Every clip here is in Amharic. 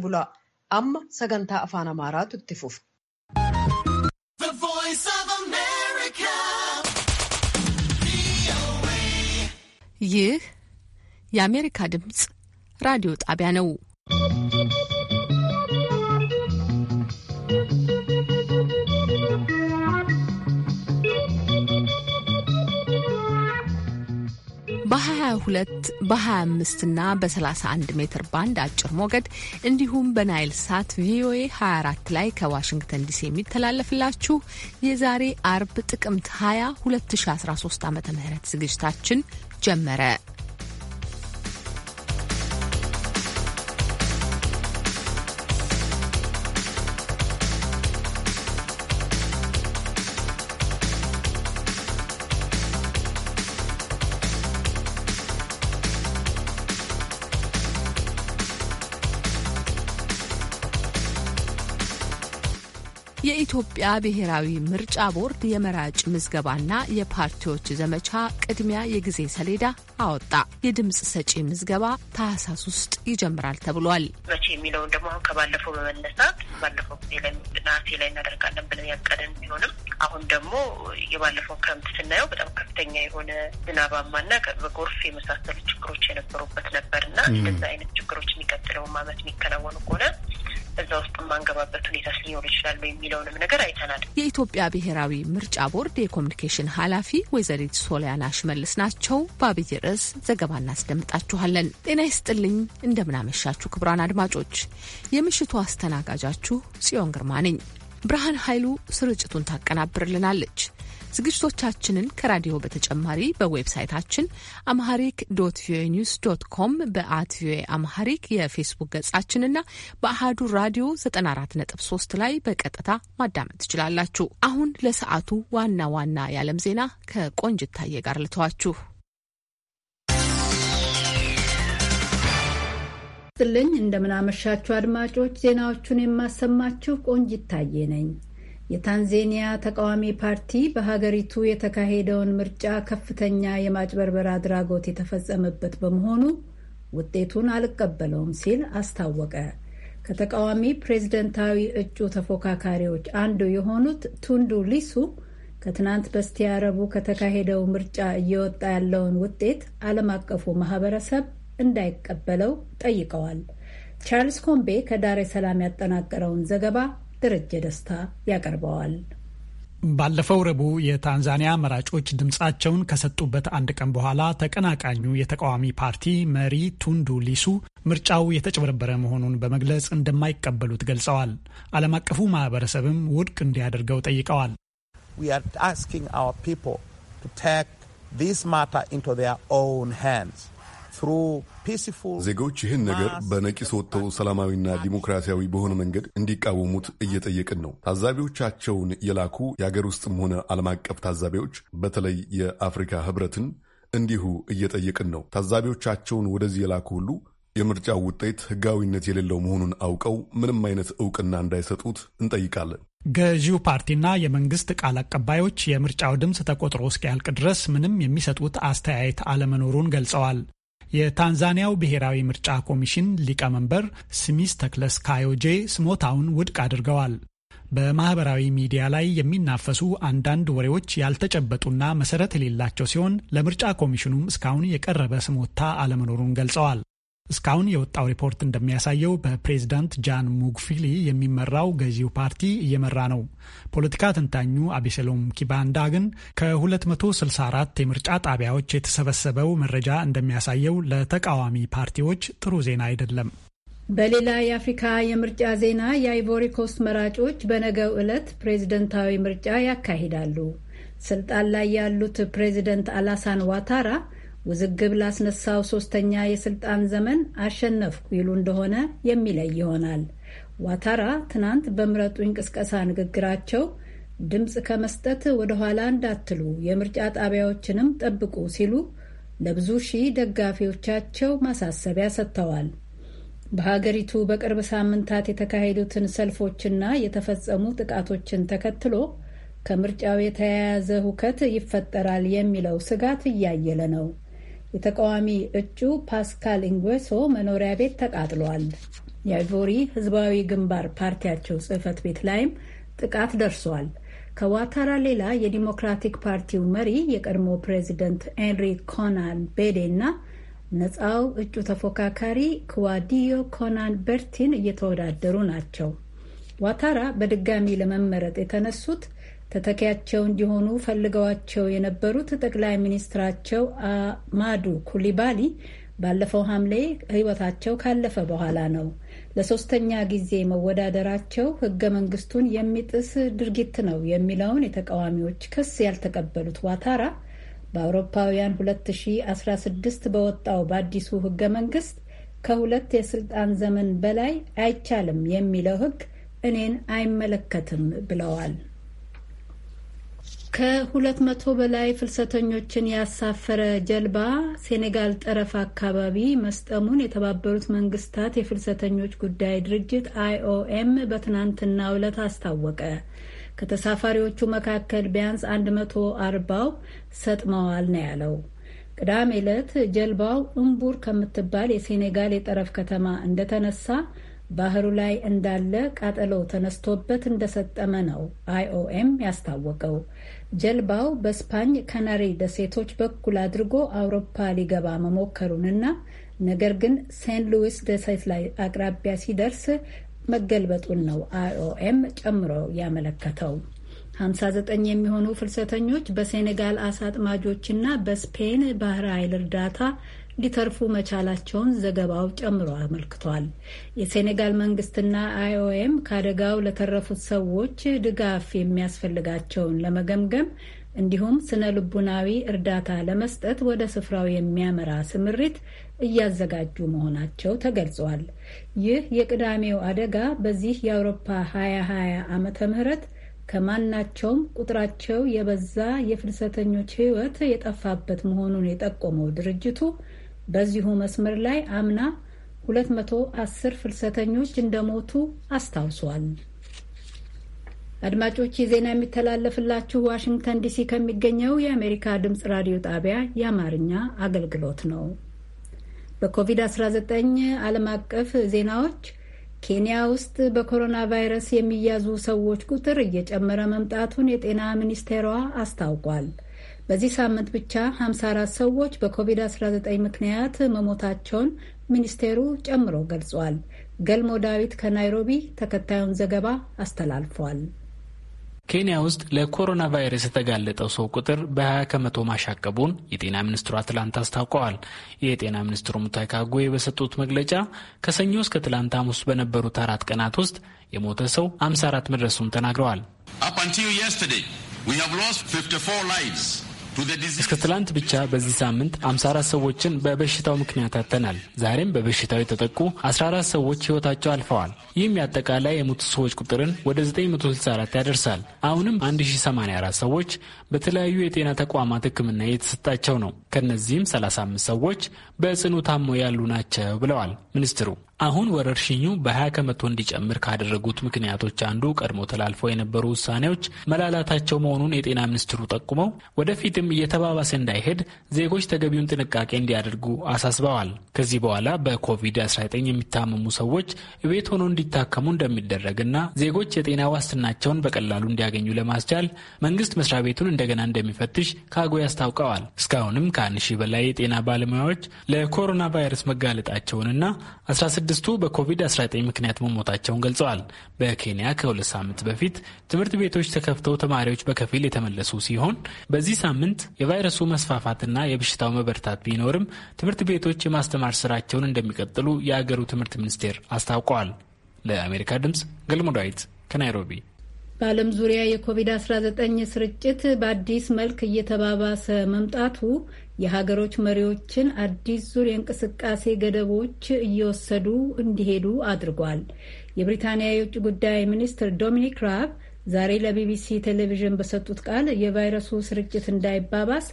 bulaa. Amma sagantaa afaan Amaaraatu itti fufa. ይህ የአሜሪካ ድምፅ ራዲዮ ጣቢያ ነው። በ22 በ25 እና በ31 ሜትር ባንድ አጭር ሞገድ እንዲሁም በናይል ሳት ቪኦኤ 24 ላይ ከዋሽንግተን ዲሲ የሚተላለፍላችሁ የዛሬ አርብ ጥቅምት 20 2013 ዓ ም ዝግጅታችን ጀመረ። የኢትዮጵያ ብሔራዊ ምርጫ ቦርድ የመራጭ ምዝገባና የፓርቲዎች ዘመቻ ቅድሚያ የጊዜ ሰሌዳ አወጣ። የድምፅ ሰጪ ምዝገባ ታህሳስ ውስጥ ይጀምራል ተብሏል። መቼ የሚለውን ደግሞ አሁን ከባለፈው በመነሳት ባለፈው ጊዜ ላይ ላይ እናደርጋለን ብለን ያቀደን ቢሆንም አሁን ደግሞ የባለፈው ክረምት ስናየው በጣም ከፍተኛ የሆነ ዝናባማና በጎርፍ የመሳሰሉ ችግሮች የነበሩበት ነበርና እንደዚ አይነት ችግሮች የሚቀጥለውም ዓመት የሚከናወኑ ከሆነ እዛ ውስጥ የማንገባበት ሁኔታ ሊኖር ይችላል የሚለውንም ነገር አይተናል። የኢትዮጵያ ብሔራዊ ምርጫ ቦርድ የኮሚኒኬሽን ኃላፊ ወይዘሪት ሶሊያና ሽመልስ ናቸው። በአብይ ርዕስ ዘገባ እናስደምጣችኋለን። ጤና ይስጥልኝ፣ እንደምናመሻችሁ ክቡራን አድማጮች፣ የምሽቱ አስተናጋጃችሁ ጽዮን ግርማ ነኝ። ብርሃን ኃይሉ ስርጭቱን ታቀናብርልናለች። ዝግጅቶቻችንን ከራዲዮ በተጨማሪ በዌብሳይታችን አምሃሪክ ዶት ቪኦኤ ኒውስ ዶት ኮም በአት ቪኦኤ አምሃሪክ የፌስቡክ ገጻችንና በአህዱ ራዲዮ 94.3 ላይ በቀጥታ ማዳመጥ ትችላላችሁ። አሁን ለሰዓቱ ዋና ዋና የዓለም ዜና ከቆንጅት ታዬ ጋር ልተዋችሁ። ስልኝ እንደምናመሻችሁ አድማጮች፣ ዜናዎቹን የማሰማችሁ ቆንጅ ታዬ ነኝ። የታንዜኒያ ተቃዋሚ ፓርቲ በሀገሪቱ የተካሄደውን ምርጫ ከፍተኛ የማጭበርበር አድራጎት የተፈጸመበት በመሆኑ ውጤቱን አልቀበለውም ሲል አስታወቀ። ከተቃዋሚ ፕሬዝደንታዊ እጩ ተፎካካሪዎች አንዱ የሆኑት ቱንዱ ሊሱ ከትናንት በስቲያ ረቡዕ ከተካሄደው ምርጫ እየወጣ ያለውን ውጤት ዓለም አቀፉ ማህበረሰብ እንዳይቀበለው ጠይቀዋል። ቻርልስ ኮምቤ ከዳሬ ሰላም ያጠናቀረውን ዘገባ ደረጀ ደስታ ያቀርበዋል። ባለፈው ረቡዕ የታንዛኒያ መራጮች ድምፃቸውን ከሰጡበት አንድ ቀን በኋላ ተቀናቃኙ የተቃዋሚ ፓርቲ መሪ ቱንዱ ሊሱ ምርጫው የተጨበረበረ መሆኑን በመግለጽ እንደማይቀበሉት ገልጸዋል። ዓለም አቀፉ ማህበረሰብም ውድቅ እንዲያደርገው ጠይቀዋል። ዊ ዜጎች ይህን ነገር በነቂስ ወጥተው ሰላማዊና ዲሞክራሲያዊ በሆነ መንገድ እንዲቃወሙት እየጠየቅን ነው። ታዛቢዎቻቸውን የላኩ የአገር ውስጥም ሆነ ዓለም አቀፍ ታዛቢዎች በተለይ የአፍሪካ ህብረትን እንዲሁ እየጠየቅን ነው። ታዛቢዎቻቸውን ወደዚህ የላኩ ሁሉ የምርጫው ውጤት ህጋዊነት የሌለው መሆኑን አውቀው ምንም አይነት እውቅና እንዳይሰጡት እንጠይቃለን። ገዢው ፓርቲና የመንግስት ቃል አቀባዮች የምርጫው ድምፅ ተቆጥሮ እስኪያልቅ ድረስ ምንም የሚሰጡት አስተያየት አለመኖሩን ገልጸዋል። የታንዛኒያው ብሔራዊ ምርጫ ኮሚሽን ሊቀመንበር ስሚስ ተክለስ ካዮጄ ስሞታውን ውድቅ አድርገዋል። በማህበራዊ ሚዲያ ላይ የሚናፈሱ አንዳንድ ወሬዎች ያልተጨበጡና መሰረት የሌላቸው ሲሆን ለምርጫ ኮሚሽኑም እስካሁን የቀረበ ስሞታ አለመኖሩን ገልጸዋል። እስካሁን የወጣው ሪፖርት እንደሚያሳየው በፕሬዝዳንት ጃን ሙግፊሊ የሚመራው ገዢው ፓርቲ እየመራ ነው። ፖለቲካ ተንታኙ አቤሰሎም ኪባንዳ ግን ከ264 የምርጫ ጣቢያዎች የተሰበሰበው መረጃ እንደሚያሳየው ለተቃዋሚ ፓርቲዎች ጥሩ ዜና አይደለም። በሌላ የአፍሪካ የምርጫ ዜና የአይቮሪ መራጮች በነገው ዕለት ፕሬዝደንታዊ ምርጫ ያካሂዳሉ። ስልጣን ላይ ያሉት ፕሬዝደንት አላሳን ዋታራ ውዝግብ ላስነሳው ሶስተኛ የስልጣን ዘመን አሸነፍኩ ይሉ እንደሆነ የሚለይ ይሆናል። ዋታራ ትናንት በምረጡኝ ቅስቀሳ ንግግራቸው ድምፅ ከመስጠት ወደ ኋላ እንዳትሉ፣ የምርጫ ጣቢያዎችንም ጠብቁ ሲሉ ለብዙ ሺህ ደጋፊዎቻቸው ማሳሰቢያ ሰጥተዋል። በሀገሪቱ በቅርብ ሳምንታት የተካሄዱትን ሰልፎችና የተፈጸሙ ጥቃቶችን ተከትሎ ከምርጫው የተያያዘ ሁከት ይፈጠራል የሚለው ስጋት እያየለ ነው። የተቃዋሚ እጩ ፓስካል ኢንጉሶ መኖሪያ ቤት ተቃጥሏል። የአይቮሪ ህዝባዊ ግንባር ፓርቲያቸው ጽህፈት ቤት ላይም ጥቃት ደርሷል። ከዋታራ ሌላ የዲሞክራቲክ ፓርቲው መሪ የቀድሞ ፕሬዚደንት ሄንሪ ኮናን ቤዴ እና ነፃው እጩ ተፎካካሪ ክዋዲዮ ኮናን በርቲን እየተወዳደሩ ናቸው። ዋታራ በድጋሚ ለመመረጥ የተነሱት ተተኪያቸው እንዲሆኑ ፈልገዋቸው የነበሩት ጠቅላይ ሚኒስትራቸው አማዱ ኩሊባሊ ባለፈው ሐምሌ ሕይወታቸው ካለፈ በኋላ ነው። ለሶስተኛ ጊዜ መወዳደራቸው ህገ መንግስቱን የሚጥስ ድርጊት ነው የሚለውን የተቃዋሚዎች ክስ ያልተቀበሉት ዋታራ በአውሮፓውያን 2016 በወጣው በአዲሱ ህገ መንግስት ከሁለት የስልጣን ዘመን በላይ አይቻልም የሚለው ህግ እኔን አይመለከትም ብለዋል። ከሁለት መቶ በላይ ፍልሰተኞችን ያሳፈረ ጀልባ ሴኔጋል ጠረፍ አካባቢ መስጠሙን የተባበሩት መንግስታት የፍልሰተኞች ጉዳይ ድርጅት አይኦኤም በትናንትና ዕለት አስታወቀ። ከተሳፋሪዎቹ መካከል ቢያንስ 140ው ሰጥመዋል ነው ያለው። ቅዳሜ ዕለት ጀልባው እምቡር ከምትባል የሴኔጋል የጠረፍ ከተማ እንደተነሳ ባህሩ ላይ እንዳለ ቃጠሎ ተነስቶበት እንደሰጠመ ነው አይኦኤም ያስታወቀው። ጀልባው በስፓኝ ካናሪ ደሴቶች በኩል አድርጎ አውሮፓ ሊገባ መሞከሩንና ነገር ግን ሴንት ሉዊስ ደሴት ላይ አቅራቢያ ሲደርስ መገልበጡን ነው አይኦኤም ጨምሮ ያመለከተው። 59 የሚሆኑ ፍልሰተኞች በሴኔጋል አሳ አጥማጆችና በስፔን ባህር ኃይል እርዳታ ሊተርፉ መቻላቸውን ዘገባው ጨምሮ አመልክቷል። የሴኔጋል መንግስትና አይኦኤም ከአደጋው ለተረፉት ሰዎች ድጋፍ የሚያስፈልጋቸውን ለመገምገም እንዲሁም ስነ ልቡናዊ እርዳታ ለመስጠት ወደ ስፍራው የሚያመራ ስምሪት እያዘጋጁ መሆናቸው ተገልጿል። ይህ የቅዳሜው አደጋ በዚህ የአውሮፓ 2020 ዓመተ ምህረት ከማናቸውም ቁጥራቸው የበዛ የፍልሰተኞች ሕይወት የጠፋበት መሆኑን የጠቆመው ድርጅቱ በዚሁ መስመር ላይ አምና 210 ፍልሰተኞች እንደሞቱ አስታውሷል። አድማጮች የዜና የሚተላለፍላችሁ ዋሽንግተን ዲሲ ከሚገኘው የአሜሪካ ድምፅ ራዲዮ ጣቢያ የአማርኛ አገልግሎት ነው። በኮቪድ-19 ዓለም አቀፍ ዜናዎች ኬንያ ውስጥ በኮሮና ቫይረስ የሚያዙ ሰዎች ቁጥር እየጨመረ መምጣቱን የጤና ሚኒስቴሯ አስታውቋል። በዚህ ሳምንት ብቻ 54 ሰዎች በኮቪድ-19 ምክንያት መሞታቸውን ሚኒስቴሩ ጨምሮ ገልጿል። ገልሞ ዳዊት ከናይሮቢ ተከታዩን ዘገባ አስተላልፏል። ኬንያ ውስጥ ለኮሮና ቫይረስ የተጋለጠው ሰው ቁጥር በ20 ከመቶ ማሻቀቡን የጤና ሚኒስትሩ አትላንታ አስታውቀዋል። የጤና ሚኒስትሩ ሙታይ ካጉዌ በሰጡት መግለጫ ከሰኞ እስከ ትላንት ሐሙስ በነበሩት አራት ቀናት ውስጥ የሞተ ሰው 54 መድረሱን ተናግረዋል። እስከ ትላንት ብቻ በዚህ ሳምንት 54 ሰዎችን በበሽታው ምክንያት ያተናል። ዛሬም በበሽታው የተጠቁ 14 ሰዎች ሕይወታቸው አልፈዋል። ይህም የአጠቃላይ የሞቱ ሰዎች ቁጥርን ወደ 964 ያደርሳል። አሁንም 1084 ሰዎች በተለያዩ የጤና ተቋማት ሕክምና እየተሰጣቸው ነው። ከእነዚህም 35 ሰዎች በጽኑ ታሞ ያሉ ናቸው ብለዋል ሚኒስትሩ። አሁን ወረርሽኙ በ20 ከመቶ እንዲጨምር ካደረጉት ምክንያቶች አንዱ ቀድሞ ተላልፈው የነበሩ ውሳኔዎች መላላታቸው መሆኑን የጤና ሚኒስትሩ ጠቁመው ወደፊትም እየተባባሰ እንዳይሄድ ዜጎች ተገቢውን ጥንቃቄ እንዲያደርጉ አሳስበዋል። ከዚህ በኋላ በኮቪድ-19 የሚታመሙ ሰዎች ቤት ሆኖ እንዲታከሙ እንደሚደረግና ዜጎች የጤና ዋስትናቸውን በቀላሉ እንዲያገኙ ለማስቻል መንግስት መስሪያ ቤቱን እንደገና እንደሚፈትሽ ከአጎ አስታውቀዋል። እስካሁንም ከአንድ ሺህ በላይ የጤና ባለሙያዎች ለኮሮና ቫይረስ መጋለጣቸውንና 16 ስድስቱ በኮቪድ-19 ምክንያት መሞታቸውን ገልጸዋል። በኬንያ ከሁለት ሳምንት በፊት ትምህርት ቤቶች ተከፍተው ተማሪዎች በከፊል የተመለሱ ሲሆን በዚህ ሳምንት የቫይረሱ መስፋፋትና የበሽታው መበርታት ቢኖርም ትምህርት ቤቶች የማስተማር ስራቸውን እንደሚቀጥሉ የአገሩ ትምህርት ሚኒስቴር አስታውቀዋል። ለአሜሪካ ድምፅ ገልሞ ከናይሮቢ በዓለም ዙሪያ የኮቪድ-19 ስርጭት በአዲስ መልክ እየተባባሰ መምጣቱ የሀገሮች መሪዎችን አዲስ ዙር የእንቅስቃሴ ገደቦች እየወሰዱ እንዲሄዱ አድርጓል። የብሪታንያ የውጭ ጉዳይ ሚኒስትር ዶሚኒክ ራብ ዛሬ ለቢቢሲ ቴሌቪዥን በሰጡት ቃል የቫይረሱ ስርጭት እንዳይባባስ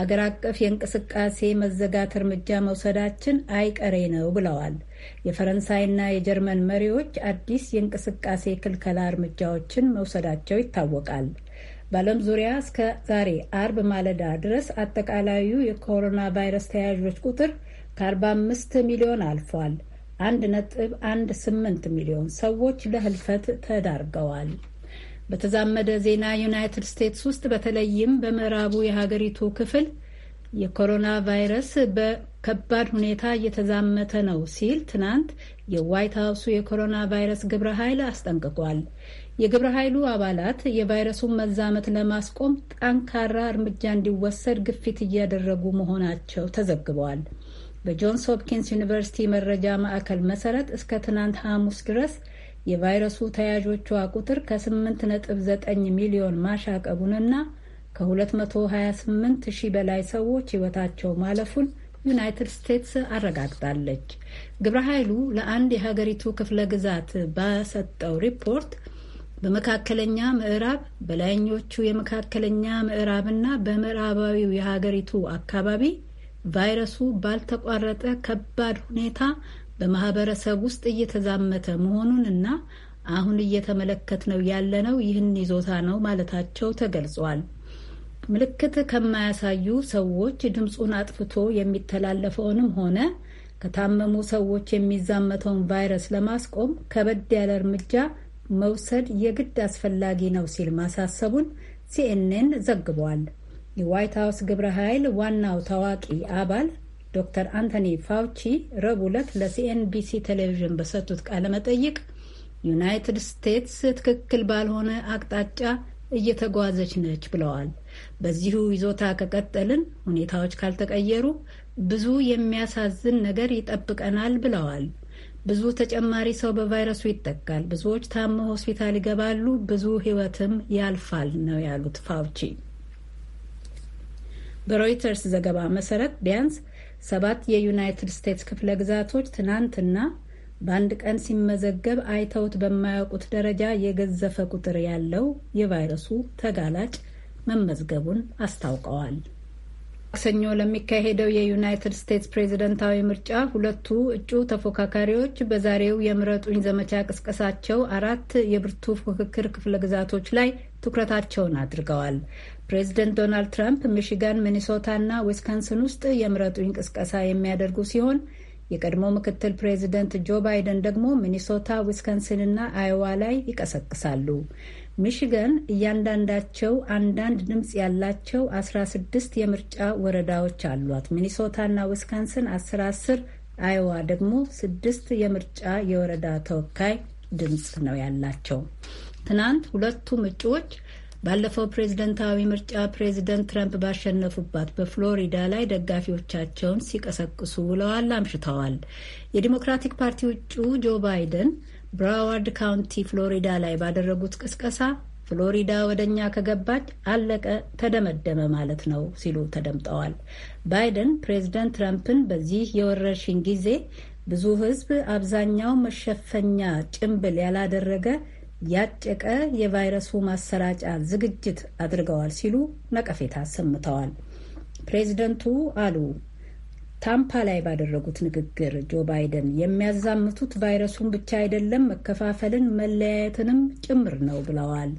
አገር አቀፍ የእንቅስቃሴ መዘጋት እርምጃ መውሰዳችን አይቀሬ ነው ብለዋል። የፈረንሳይና የጀርመን መሪዎች አዲስ የእንቅስቃሴ ክልከላ እርምጃዎችን መውሰዳቸው ይታወቃል። በዓለም ዙሪያ እስከ ዛሬ አርብ ማለዳ ድረስ አጠቃላዩ የኮሮና ቫይረስ ተያዦች ቁጥር ከ45 ሚሊዮን አልፏል። 1.18 ሚሊዮን ሰዎች ለህልፈት ተዳርገዋል። በተዛመደ ዜና ዩናይትድ ስቴትስ ውስጥ በተለይም በምዕራቡ የሀገሪቱ ክፍል የኮሮና ቫይረስ በከባድ ሁኔታ እየተዛመተ ነው ሲል ትናንት የዋይት ሀውሱ የኮሮና ቫይረስ ግብረ ኃይል አስጠንቅቋል። የግብረ ኃይሉ አባላት የቫይረሱን መዛመት ለማስቆም ጠንካራ እርምጃ እንዲወሰድ ግፊት እያደረጉ መሆናቸው ተዘግበዋል። በጆንስ ሆፕኪንስ ዩኒቨርሲቲ መረጃ ማዕከል መሰረት እስከ ትናንት ሐሙስ ድረስ የቫይረሱ ተያዦቿ ቁጥር ከ8.9 ሚሊዮን ማሻቀቡንና ከ228 ሺህ በላይ ሰዎች ሕይወታቸው ማለፉን ዩናይትድ ስቴትስ አረጋግጣለች። ግብረ ኃይሉ ለአንድ የሀገሪቱ ክፍለ ግዛት በሰጠው ሪፖርት በመካከለኛ ምዕራብ፣ በላይኞቹ የመካከለኛ ምዕራብና በምዕራባዊው የሀገሪቱ አካባቢ ቫይረሱ ባልተቋረጠ ከባድ ሁኔታ በማህበረሰብ ውስጥ እየተዛመተ መሆኑንና አሁን እየተመለከትነው ያለነው ይህን ይዞታ ነው ማለታቸው ተገልጿል። ምልክት ከማያሳዩ ሰዎች ድምፁን አጥፍቶ የሚተላለፈውንም ሆነ ከታመሙ ሰዎች የሚዛመተውን ቫይረስ ለማስቆም ከበድ ያለ እርምጃ መውሰድ የግድ አስፈላጊ ነው ሲል ማሳሰቡን ሲኤንኤን ዘግቧል። የዋይት ሀውስ ግብረ ኃይል ዋናው ታዋቂ አባል ዶክተር አንቶኒ ፋውቺ ረቡዕ ዕለት ለሲኤንቢሲ ቴሌቪዥን በሰጡት ቃለ መጠይቅ ዩናይትድ ስቴትስ ትክክል ባልሆነ አቅጣጫ እየተጓዘች ነች ብለዋል። በዚሁ ይዞታ ከቀጠልን፣ ሁኔታዎች ካልተቀየሩ ብዙ የሚያሳዝን ነገር ይጠብቀናል ብለዋል። ብዙ ተጨማሪ ሰው በቫይረሱ ይጠቃል፣ ብዙዎች ታመው ሆስፒታል ይገባሉ፣ ብዙ ሕይወትም ያልፋል ነው ያሉት ፋውቺ። በሮይተርስ ዘገባ መሰረት ቢያንስ ሰባት የዩናይትድ ስቴትስ ክፍለ ግዛቶች ትናንትና በአንድ ቀን ሲመዘገብ አይተውት በማያውቁት ደረጃ የገዘፈ ቁጥር ያለው የቫይረሱ ተጋላጭ መመዝገቡን አስታውቀዋል። ማክሰኞ ለሚካሄደው የዩናይትድ ስቴትስ ፕሬዝደንታዊ ምርጫ ሁለቱ እጩ ተፎካካሪዎች በዛሬው የምረጡኝ ዘመቻ ቅስቀሳቸው አራት የብርቱ ፉክክር ክፍለ ግዛቶች ላይ ትኩረታቸውን አድርገዋል። ፕሬዝደንት ዶናልድ ትራምፕ ሚሽጋን፣ ሚኒሶታና ዊስካንስን ውስጥ የምረጡኝ ቅስቀሳ የሚያደርጉ ሲሆን የቀድሞ ምክትል ፕሬዝደንት ጆ ባይደን ደግሞ ሚኒሶታ፣ ዊስካንስንና አይዋ ላይ ይቀሰቅሳሉ። ሚሽገን እያንዳንዳቸው አንዳንድ ድምፅ ያላቸው 16 የምርጫ ወረዳዎች አሏት። ሚኒሶታና ዊስካንስን 10 10፣ አይዋ ደግሞ ስድስት የምርጫ የወረዳ ተወካይ ድምፅ ነው ያላቸው። ትናንት ሁለቱም እጩዎች ባለፈው ፕሬዝደንታዊ ምርጫ ፕሬዝደንት ትራምፕ ባሸነፉባት በፍሎሪዳ ላይ ደጋፊዎቻቸውን ሲቀሰቅሱ ውለዋል አምሽተዋል። የዲሞክራቲክ ፓርቲ እጩ ጆ ባይደን ብራዋርድ ካውንቲ ፍሎሪዳ ላይ ባደረጉት ቅስቀሳ ፍሎሪዳ ወደ እኛ ከገባች አለቀ፣ ተደመደመ ማለት ነው ሲሉ ተደምጠዋል። ባይደን ፕሬዝደንት ትራምፕን በዚህ የወረርሽኝ ጊዜ ብዙ ሕዝብ አብዛኛው መሸፈኛ ጭንብል ያላደረገ ያጨቀ የቫይረሱ ማሰራጫ ዝግጅት አድርገዋል ሲሉ ነቀፌታ ሰምተዋል። ፕሬዝደንቱ አሉ ታምፓ ላይ ባደረጉት ንግግር ጆ ባይደን የሚያዛምቱት ቫይረሱን ብቻ አይደለም፣ መከፋፈልን መለያየትንም ጭምር ነው ብለዋል።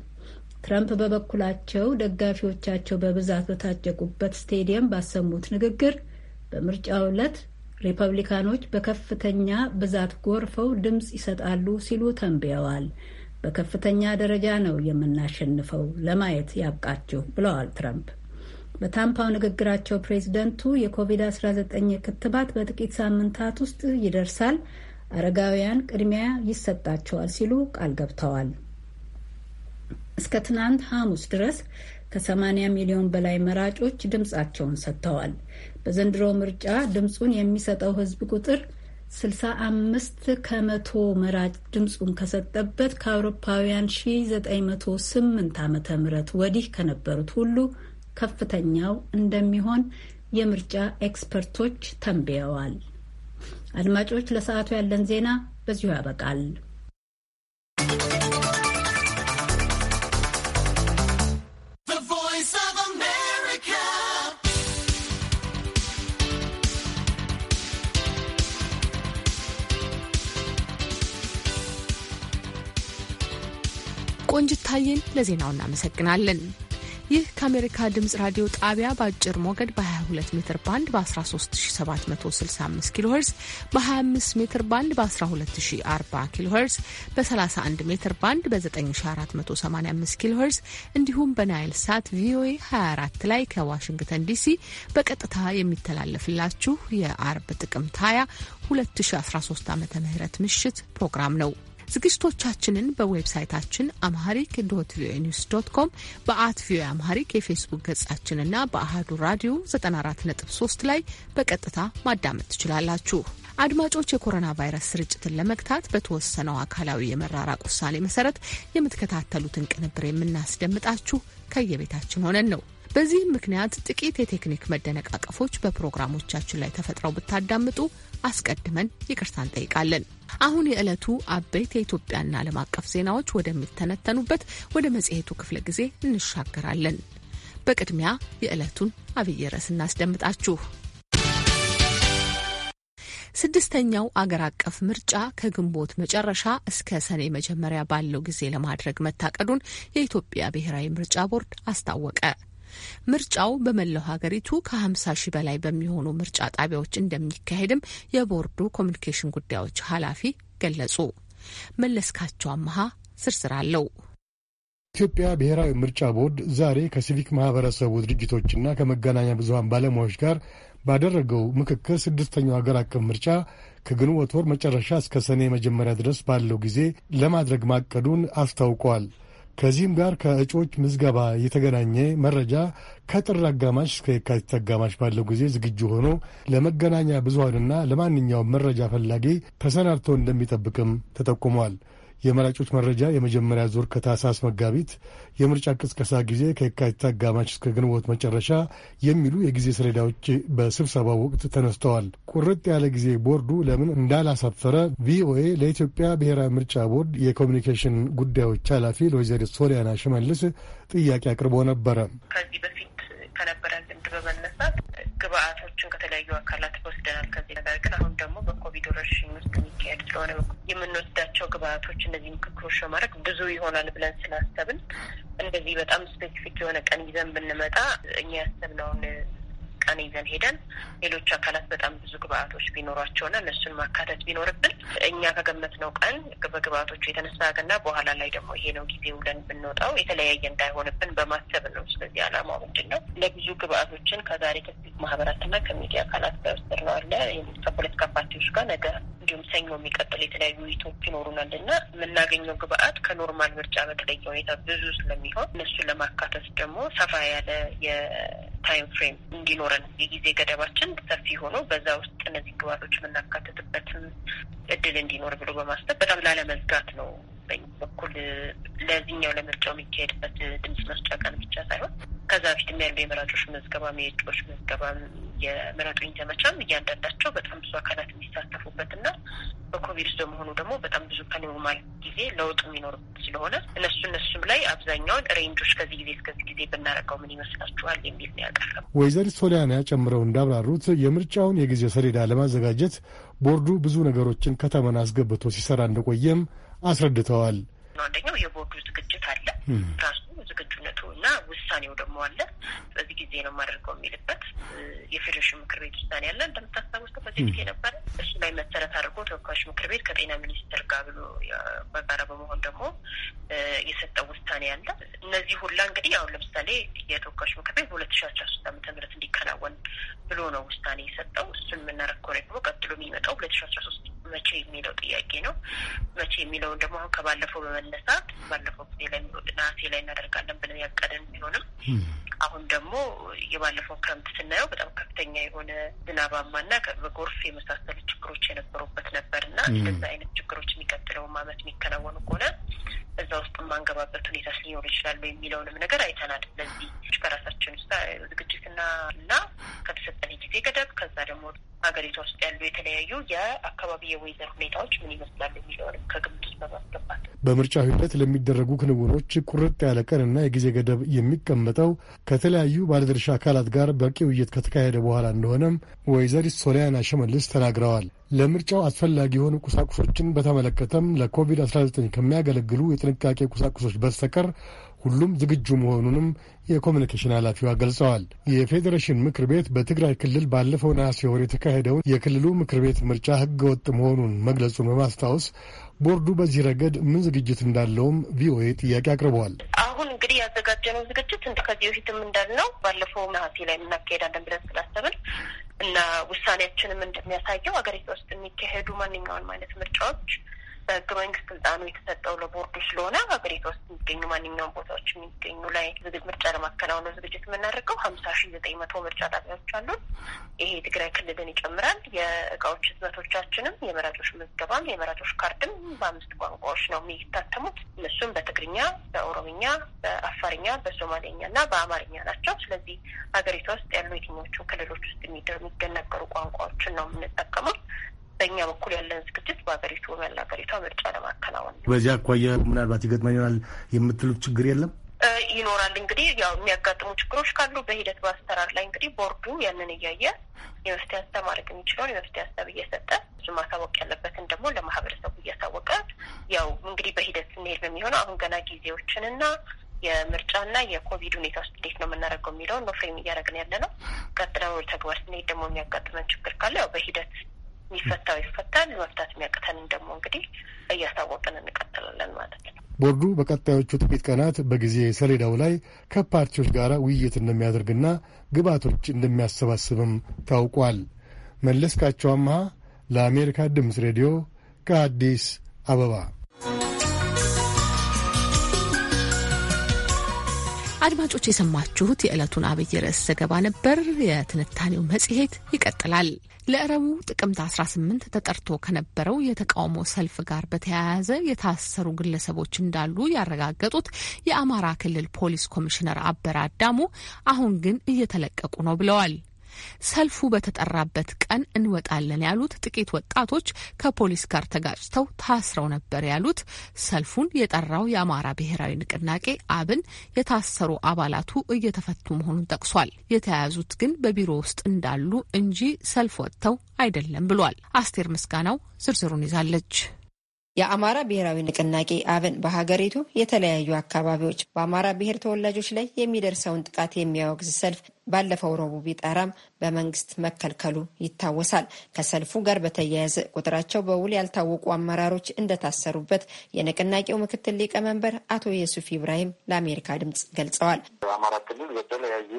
ትራምፕ በበኩላቸው ደጋፊዎቻቸው በብዛት በታጨቁበት ስቴዲየም ባሰሙት ንግግር በምርጫው ዕለት ሪፐብሊካኖች በከፍተኛ ብዛት ጎርፈው ድምፅ ይሰጣሉ ሲሉ ተንብየዋል። በከፍተኛ ደረጃ ነው የምናሸንፈው፣ ለማየት ያብቃችሁ ብለዋል ትራምፕ። በታምፓው ንግግራቸው ፕሬዚደንቱ የኮቪድ-19 ክትባት በጥቂት ሳምንታት ውስጥ ይደርሳል፣ አረጋውያን ቅድሚያ ይሰጣቸዋል ሲሉ ቃል ገብተዋል። እስከ ትናንት ሐሙስ ድረስ ከ80 ሚሊዮን በላይ መራጮች ድምፃቸውን ሰጥተዋል። በዘንድሮ ምርጫ ድምፁን የሚሰጠው ሕዝብ ቁጥር 65 ከመቶ መራጭ ድምፁን ከሰጠበት ከአውሮፓውያን 1908 ዓ ም ወዲህ ከነበሩት ሁሉ ከፍተኛው እንደሚሆን የምርጫ ኤክስፐርቶች ተንብየዋል። አድማጮች፣ ለሰዓቱ ያለን ዜና በዚሁ ያበቃል። ቆንጅታዬን ለዜናው እናመሰግናለን። ይህ ከአሜሪካ ድምጽ ራዲዮ ጣቢያ በአጭር ሞገድ በ22 ሜትር ባንድ በ13765 ኪሎ ሄርዝ በ25 ሜትር ባንድ በ1240 ኪሎ ሄርዝ በ31 ሜትር ባንድ በ9485 ኪሎ ሄርዝ እንዲሁም በናይል ሳት ቪኦኤ 24 ላይ ከዋሽንግተን ዲሲ በቀጥታ የሚተላለፍላችሁ የአርብ ጥቅምት 20 2013 ዓ ም ምሽት ፕሮግራም ነው። ዝግጅቶቻችንን በዌብሳይታችን አምሃሪክ ዶት ቪኦኤ ኒውስ ዶት ኮም በአት ቪኦኤ አምሃሪክ የፌስቡክ ገጻችንና በአህዱ ራዲዮ 94.3 ላይ በቀጥታ ማዳመጥ ትችላላችሁ። አድማጮች የኮሮና ቫይረስ ስርጭትን ለመግታት በተወሰነው አካላዊ የመራራቅ ውሳኔ መሰረት የምትከታተሉትን ቅንብር የምናስደምጣችሁ ከየቤታችን ሆነን ነው። በዚህም ምክንያት ጥቂት የቴክኒክ መደነቃቀፎች በፕሮግራሞቻችን ላይ ተፈጥረው ብታዳምጡ አስቀድመን ይቅርታ እንጠይቃለን። አሁን የዕለቱ አበይት የኢትዮጵያና ዓለም አቀፍ ዜናዎች ወደሚተነተኑበት ወደ መጽሔቱ ክፍለ ጊዜ እንሻገራለን። በቅድሚያ የዕለቱን አብይ ርዕስ እናስደምጣችሁ። ስድስተኛው አገር አቀፍ ምርጫ ከግንቦት መጨረሻ እስከ ሰኔ መጀመሪያ ባለው ጊዜ ለማድረግ መታቀዱን የኢትዮጵያ ብሔራዊ ምርጫ ቦርድ አስታወቀ። ምርጫው በመላው ሀገሪቱ ከ50 ሺ በላይ በሚሆኑ ምርጫ ጣቢያዎች እንደሚካሄድም የቦርዱ ኮሚኒኬሽን ጉዳዮች ኃላፊ ገለጹ። መለስካቸው አመሃ ዝርዝር አለው። ኢትዮጵያ ብሔራዊ ምርጫ ቦርድ ዛሬ ከሲቪክ ማህበረሰቡ ድርጅቶችና ከመገናኛ ብዙሀን ባለሙያዎች ጋር ባደረገው ምክክር ስድስተኛው ሀገር አቀፍ ምርጫ ከግንቦት ወር መጨረሻ እስከ ሰኔ መጀመሪያ ድረስ ባለው ጊዜ ለማድረግ ማቀዱን አስታውቋል። ከዚህም ጋር ከእጩዎች ምዝገባ የተገናኘ መረጃ ከጥር አጋማሽ እስከ የካቲት አጋማሽ ባለው ጊዜ ዝግጁ ሆኖ ለመገናኛ ብዙሀንና ለማንኛውም መረጃ ፈላጊ ተሰናድቶ እንደሚጠብቅም ተጠቁሟል። የመራጮች መረጃ የመጀመሪያ ዙር ከታህሳስ መጋቢት፣ የምርጫ ቅስቀሳ ጊዜ ከየካቲት አጋማሽ እስከ ግንቦት መጨረሻ የሚሉ የጊዜ ሰሌዳዎች በስብሰባው ወቅት ተነስተዋል። ቁርጥ ያለ ጊዜ ቦርዱ ለምን እንዳላሳፈረ ቪኦኤ ለኢትዮጵያ ብሔራዊ ምርጫ ቦርድ የኮሚኒኬሽን ጉዳዮች ኃላፊ ለወይዘሪት ሶሊያና ሽመልስ ጥያቄ አቅርቦ ነበረ። ከዚህ በፊት ከነበረ ልምድ በመነሳት ግብአት ሰዎችን ከተለያዩ አካላት ወስደናል። ከዚህ ነገር ግን አሁን ደግሞ በኮቪድ ወረርሽኝ ውስጥ የሚካሄድ ስለሆነ የምንወስዳቸው ግብአቶች እነዚህ ምክክሮች በማድረግ ብዙ ይሆናል ብለን ስላሰብን እንደዚህ በጣም ስፔሲፊክ የሆነ ቀን ይዘን ብንመጣ እኛ ያሰብነውን ቀን ይዘን ሄደን ሌሎች አካላት በጣም ብዙ ግብአቶች ቢኖሯቸውና እነሱን ማካተት ቢኖርብን እኛ ከገመትነው ቀን በግብአቶቹ የተነሳገና በኋላ ላይ ደግሞ ይሄ ነው ጊዜ ውለን ብንወጣው የተለያየ እንዳይሆንብን በማሰብ ነው። ስለዚህ አላማው ምንድን ነው? ለብዙ ግብአቶችን ከዛሬ ከሲቪክ ማህበራትና ከሚዲያ አካላት በስር ነው አለ ከፖለቲካ ፓርቲዎች ጋር ነገ እንዲሁም ሰኞ የሚቀጥል የተለያዩ ውይይቶች ይኖሩናል እና የምናገኘው ግብአት ከኖርማል ምርጫ በተለየ ሁኔታ ብዙ ስለሚሆን እነሱን ለማካተት ደግሞ ሰፋ ያለ የታይም ፍሬም እንዲኖር የሚኖረን የጊዜ ገደባችን ሰፊ ሆኖ በዛ ውስጥ እነዚህ ግባቶች የምናካትትበትን እድል እንዲኖር ብሎ በማሰብ በጣም ላለመዝጋት ነው በኝ በኩል ለዚህኛው ለምርጫው የሚካሄድበት ድምጽ መስጫ ቀን ብቻ ሳይሆን ከዛ በፊትም ያሉ የመራጮች መዝገባም የእጩዎች መዝገባም የምረጡኝ ዘመቻም እያንዳንዳቸው በጣም ብዙ አካላት የሚሳተፉበት እና በኮቪድ በመሆኑ ደግሞ በጣም ብዙ ከኖርማል ጊዜ ለውጥ የሚኖርበት ስለሆነ እነሱ እነሱም ላይ አብዛኛውን ሬንጆች ከዚህ ጊዜ እስከዚህ ጊዜ ብናረገው ምን ይመስላችኋል የሚል ነው ያቀረቡ። ወይዘሪት ሶሊያና ጨምረው እንዳብራሩት የምርጫውን የጊዜ ሰሌዳ ለማዘጋጀት ቦርዱ ብዙ ነገሮችን ከተመን አስገብቶ ሲሰራ እንደቆየም አስረድተዋል። አንደኛው የቦርዱ ዝግጅት አለ ራሱ ዝግጁነቱ እና ውሳኔው ደግሞ አለ። በዚህ ጊዜ ነው የማደርገው የሚልበት የፌዴሬሽን ምክር ቤት ውሳኔ አለ እንደምታስታውስ በዚህ ጊዜ ነበረ። እሱ ላይ መሰረት አድርጎ ተወካዮች ምክር ቤት ከጤና ሚኒስቴር ጋር ብሎ በጋራ በመሆን ደግሞ የሰጠው ውሳኔ አለ። እነዚህ ሁላ እንግዲህ አሁን ለምሳሌ የተወካዮች ምክር ቤት በሁለት ሺ አስራ ሶስት አመተ ምህረት እንዲከናወን ብሎ ነው ውሳኔ የሰጠው። እሱን የምናረግ ከሆነ ደግሞ ቀጥሎ የሚመጣው ሁለት ሺ አስራ ሶስት መቼ የሚለው ጥያቄ ነው። መቼ የሚለውን ደግሞ አሁን ከባለፈው በመነሳት ባለፈው ጊዜ ላይ ነሐሴ ላይ እናደርጋለን ብለን ያቀደን ቢሆንም አሁን ደግሞ የባለፈው ክረምት ስናየው በጣም ከፍተኛ የሆነ ዝናባማና በጎርፍ የመሳሰሉ ችግሮች የነበሩበት ነበር እና እንደዚ አይነት ችግሮች የሚቀጥለውን ዓመት የሚከናወኑ ከሆነ እዛ ውስጥ የማንገባበት ሁኔታ ሊኖር ይችላሉ የሚለውንም ነገር አይተናል። ስለዚህ በራሳችን ውስጥ ዝግጅትና እና ከተሰጠን ጊዜ ገደብ ከዛ ደግሞ ሀገሪቷ ውስጥ ያሉ የተለያዩ የአካባቢ የወይዘር ሁኔታዎች ምን ይመስላሉ የሚለውንም ከግምት ውስጥ በማስገባት በምርጫ ሂደት ለሚደረጉ ክንውኖች ቁርጥ ያለ ቀንና የጊዜ ገደብ የሚቀመጠው ከተለያዩ ባለድርሻ አካላት ጋር በቂ ውይይት ከተካሄደ በኋላ እንደሆነም ወይዘሪት ሶሊያና ሽመልስ ተናግረዋል። ለምርጫው አስፈላጊ የሆኑ ቁሳቁሶችን በተመለከተም ለኮቪድ-19 ከሚያገለግሉ የጥንቃቄ ቁሳቁሶች በስተቀር ሁሉም ዝግጁ መሆኑንም የኮሚኒኬሽን ኃላፊዋ ገልጸዋል። የፌዴሬሽን ምክር ቤት በትግራይ ክልል ባለፈው ነሐሴ ወር የተካሄደውን የክልሉ ምክር ቤት ምርጫ ህገወጥ መሆኑን መግለጹን በማስታወስ ቦርዱ በዚህ ረገድ ምን ዝግጅት እንዳለውም ቪኦኤ ጥያቄ አቅርበዋል። አሁን እንግዲህ ያዘጋጀነው ዝግጅት እንደ ከዚህ በፊትም እንዳልነው ባለፈው ነሐሴ ላይ እናካሄዳለን ብለን ስላሰብን እና ውሳኔያችንም እንደሚያሳየው ሀገሪቷ ውስጥ የሚካሄዱ ማንኛውን አይነት ምርጫዎች በህገ መንግስት ስልጣኑ የተሰጠው ለቦርዱ ስለሆነ ሀገሪቱ ውስጥ የሚገኙ ማንኛውም ቦታዎች የሚገኙ ላይ ዝግጅ ምርጫ ለማከናወን ነው ዝግጅት የምናደርገው። ሀምሳ ሺ ዘጠኝ መቶ ምርጫ ጣቢያዎች አሉን። ይሄ የትግራይ ክልልን ይጨምራል። የእቃዎች ህትመቶቻችንም የመራጮች ምዝገባም የመራጮች ካርድም በአምስት ቋንቋዎች ነው የሚታተሙት። እነሱም በትግርኛ፣ በኦሮምኛ፣ በአፋርኛ፣ በሶማሌኛ እና በአማርኛ ናቸው። ስለዚህ ሀገሪቷ ውስጥ ያሉ የትኞቹ ክልሎች ውስጥ የሚገነገሩ ቋንቋዎችን ነው የምንጠቀመው። በእኛ በኩል ያለን ዝግጅት በሀገሪቱ በመላ ሀገሪቷ ምርጫ ለማከናወን ነው። በዚህ አኳያ ምናልባት ይሆናል የምትሉት ችግር የለም ይኖራል። እንግዲህ ያው የሚያጋጥሙ ችግሮች ካሉ በሂደት በአሰራር ላይ እንግዲህ ቦርዱ ያንን እያየ የመፍትሄ ሀሳብ ማድረግ የሚችለውን የመፍትሄ ሀሳብ እየሰጠ ብዙ ማሳወቅ ያለበትን ደግሞ ለማህበረሰቡ እያሳወቀ ያው እንግዲህ በሂደት ስንሄድ በሚሆነው አሁን ገና ጊዜዎችንና የምርጫና የኮቪድ ሁኔታ ውስጥ እንዴት ነው የምናደርገው የሚለውን ነው ፍሬም እያደረግን ያለ ነው። ቀጥለን ተግባር ስንሄድ ደግሞ የሚያጋጥመን ችግር ካለ ያው በሂደት የሚፈታው ይፈታል። መፍታት የሚያቅተንን ደግሞ እንግዲህ እያሳወቅን እንቀጥላለን ማለት ነው። ቦርዱ በቀጣዮቹ ጥቂት ቀናት በጊዜ ሰሌዳው ላይ ከፓርቲዎች ጋር ውይይት እንደሚያደርግና ግብዓቶች እንደሚያሰባስብም ታውቋል። መለስካቸው አምሃ ለአሜሪካ ድምፅ ሬዲዮ ከአዲስ አበባ አድማጮች የሰማችሁት የዕለቱን አብይ ርዕስ ዘገባ ነበር። የትንታኔው መጽሔት ይቀጥላል። ለእረቡ ጥቅምት 18 ተጠርቶ ከነበረው የተቃውሞ ሰልፍ ጋር በተያያዘ የታሰሩ ግለሰቦች እንዳሉ ያረጋገጡት የአማራ ክልል ፖሊስ ኮሚሽነር አበራ አዳሙ አሁን ግን እየተለቀቁ ነው ብለዋል። ሰልፉ በተጠራበት ቀን እንወጣለን ያሉት ጥቂት ወጣቶች ከፖሊስ ጋር ተጋጭተው ታስረው ነበር ያሉት ሰልፉን የጠራው የአማራ ብሔራዊ ንቅናቄ አብን የታሰሩ አባላቱ እየተፈቱ መሆኑን ጠቅሷል። የተያያዙት ግን በቢሮ ውስጥ እንዳሉ እንጂ ሰልፍ ወጥተው አይደለም ብሏል። አስቴር ምስጋናው ዝርዝሩን ይዛለች። የአማራ ብሔራዊ ንቅናቄ አብን በሀገሪቱ የተለያዩ አካባቢዎች በአማራ ብሔር ተወላጆች ላይ የሚደርሰውን ጥቃት የሚያወግዝ ሰልፍ ባለፈው ረቡዕ ቢጠራም በመንግስት መከልከሉ ይታወሳል። ከሰልፉ ጋር በተያያዘ ቁጥራቸው በውል ያልታወቁ አመራሮች እንደታሰሩበት የንቅናቄው ምክትል ሊቀመንበር አቶ የሱፍ ኢብራሂም ለአሜሪካ ድምጽ ገልጸዋል። በአማራ ክልል በተለያዩ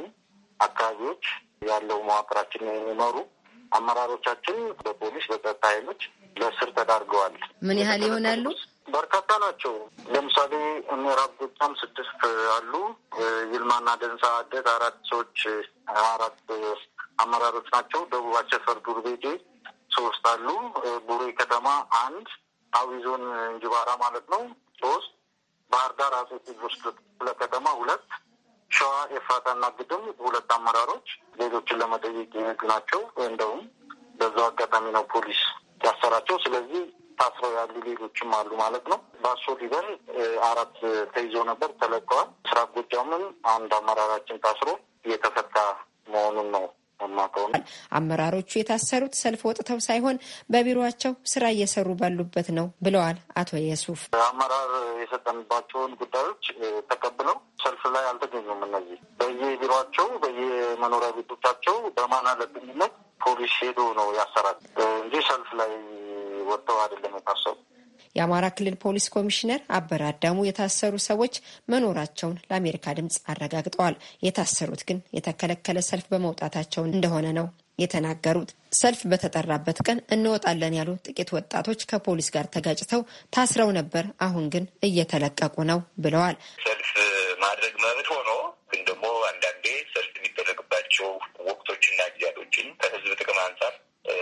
አካባቢዎች ያለው መዋቅራችን የሚመሩ አመራሮቻችን በፖሊስ በጸጥታ ኃይሎች ለስር ተዳርገዋል። ምን ያህል ይሆናሉ? በርካታ ናቸው። ለምሳሌ ምዕራብ ጎጃም ስድስት አሉ። ይልማና ደንሳ አደት አራት ሰዎች አራት አመራሮች ናቸው። ደቡብ አቸፈር ዱር ቤቴ ሶስት አሉ። ቡሬ ከተማ አንድ፣ አዊ ዞን እንጅባራ ማለት ነው ሶስት፣ ባህር ዳር አጼ ቴዎድሮስ ክፍለ ከተማ ሁለት፣ ሸዋ ኤፍራታና ግድም ሁለት አመራሮች ሌሎችን ለመጠየቅ ይሄዱ ናቸው። እንደውም በዛው አጋጣሚ ነው ፖሊስ ያሰራቸው። ስለዚህ ታስረው ያሉ ሌሎችም አሉ ማለት ነው። ባሶ ሊበር አራት ተይዞ ነበር፣ ተለቀዋል። ስራ ጎጃምን አንድ አመራራችን ታስሮ እየተፈታ መሆኑን ነው አመራሮቹ የታሰሩት ሰልፍ ወጥተው ሳይሆን በቢሮቸው ስራ እየሰሩ ባሉበት ነው ብለዋል አቶ የሱፍ። አመራር የሰጠንባቸውን ጉዳዮች ተቀብለው ሰልፍ ላይ አልተገኙም። እነዚህ በየቢሮቸው በየመኖሪያ ቤቶቻቸው በማን አለብኝነት ፖሊስ ሄዶ ነው ያሰራል እንጂ ሰልፍ ላይ ወጥተው አይደለም የታሰሩ። የአማራ ክልል ፖሊስ ኮሚሽነር አበረ አዳሙ የታሰሩ ሰዎች መኖራቸውን ለአሜሪካ ድምፅ አረጋግጠዋል። የታሰሩት ግን የተከለከለ ሰልፍ በመውጣታቸው እንደሆነ ነው የተናገሩት። ሰልፍ በተጠራበት ቀን እንወጣለን ያሉ ጥቂት ወጣቶች ከፖሊስ ጋር ተጋጭተው ታስረው ነበር፣ አሁን ግን እየተለቀቁ ነው ብለዋል። ሰልፍ ማድረግ መብት ሆኖ ግን ደግሞ አንዳንዴ ሰልፍ የሚደረግባቸው ወቅቶችና ጊዜያቶችን ከህዝብ ጥቅም አንጻር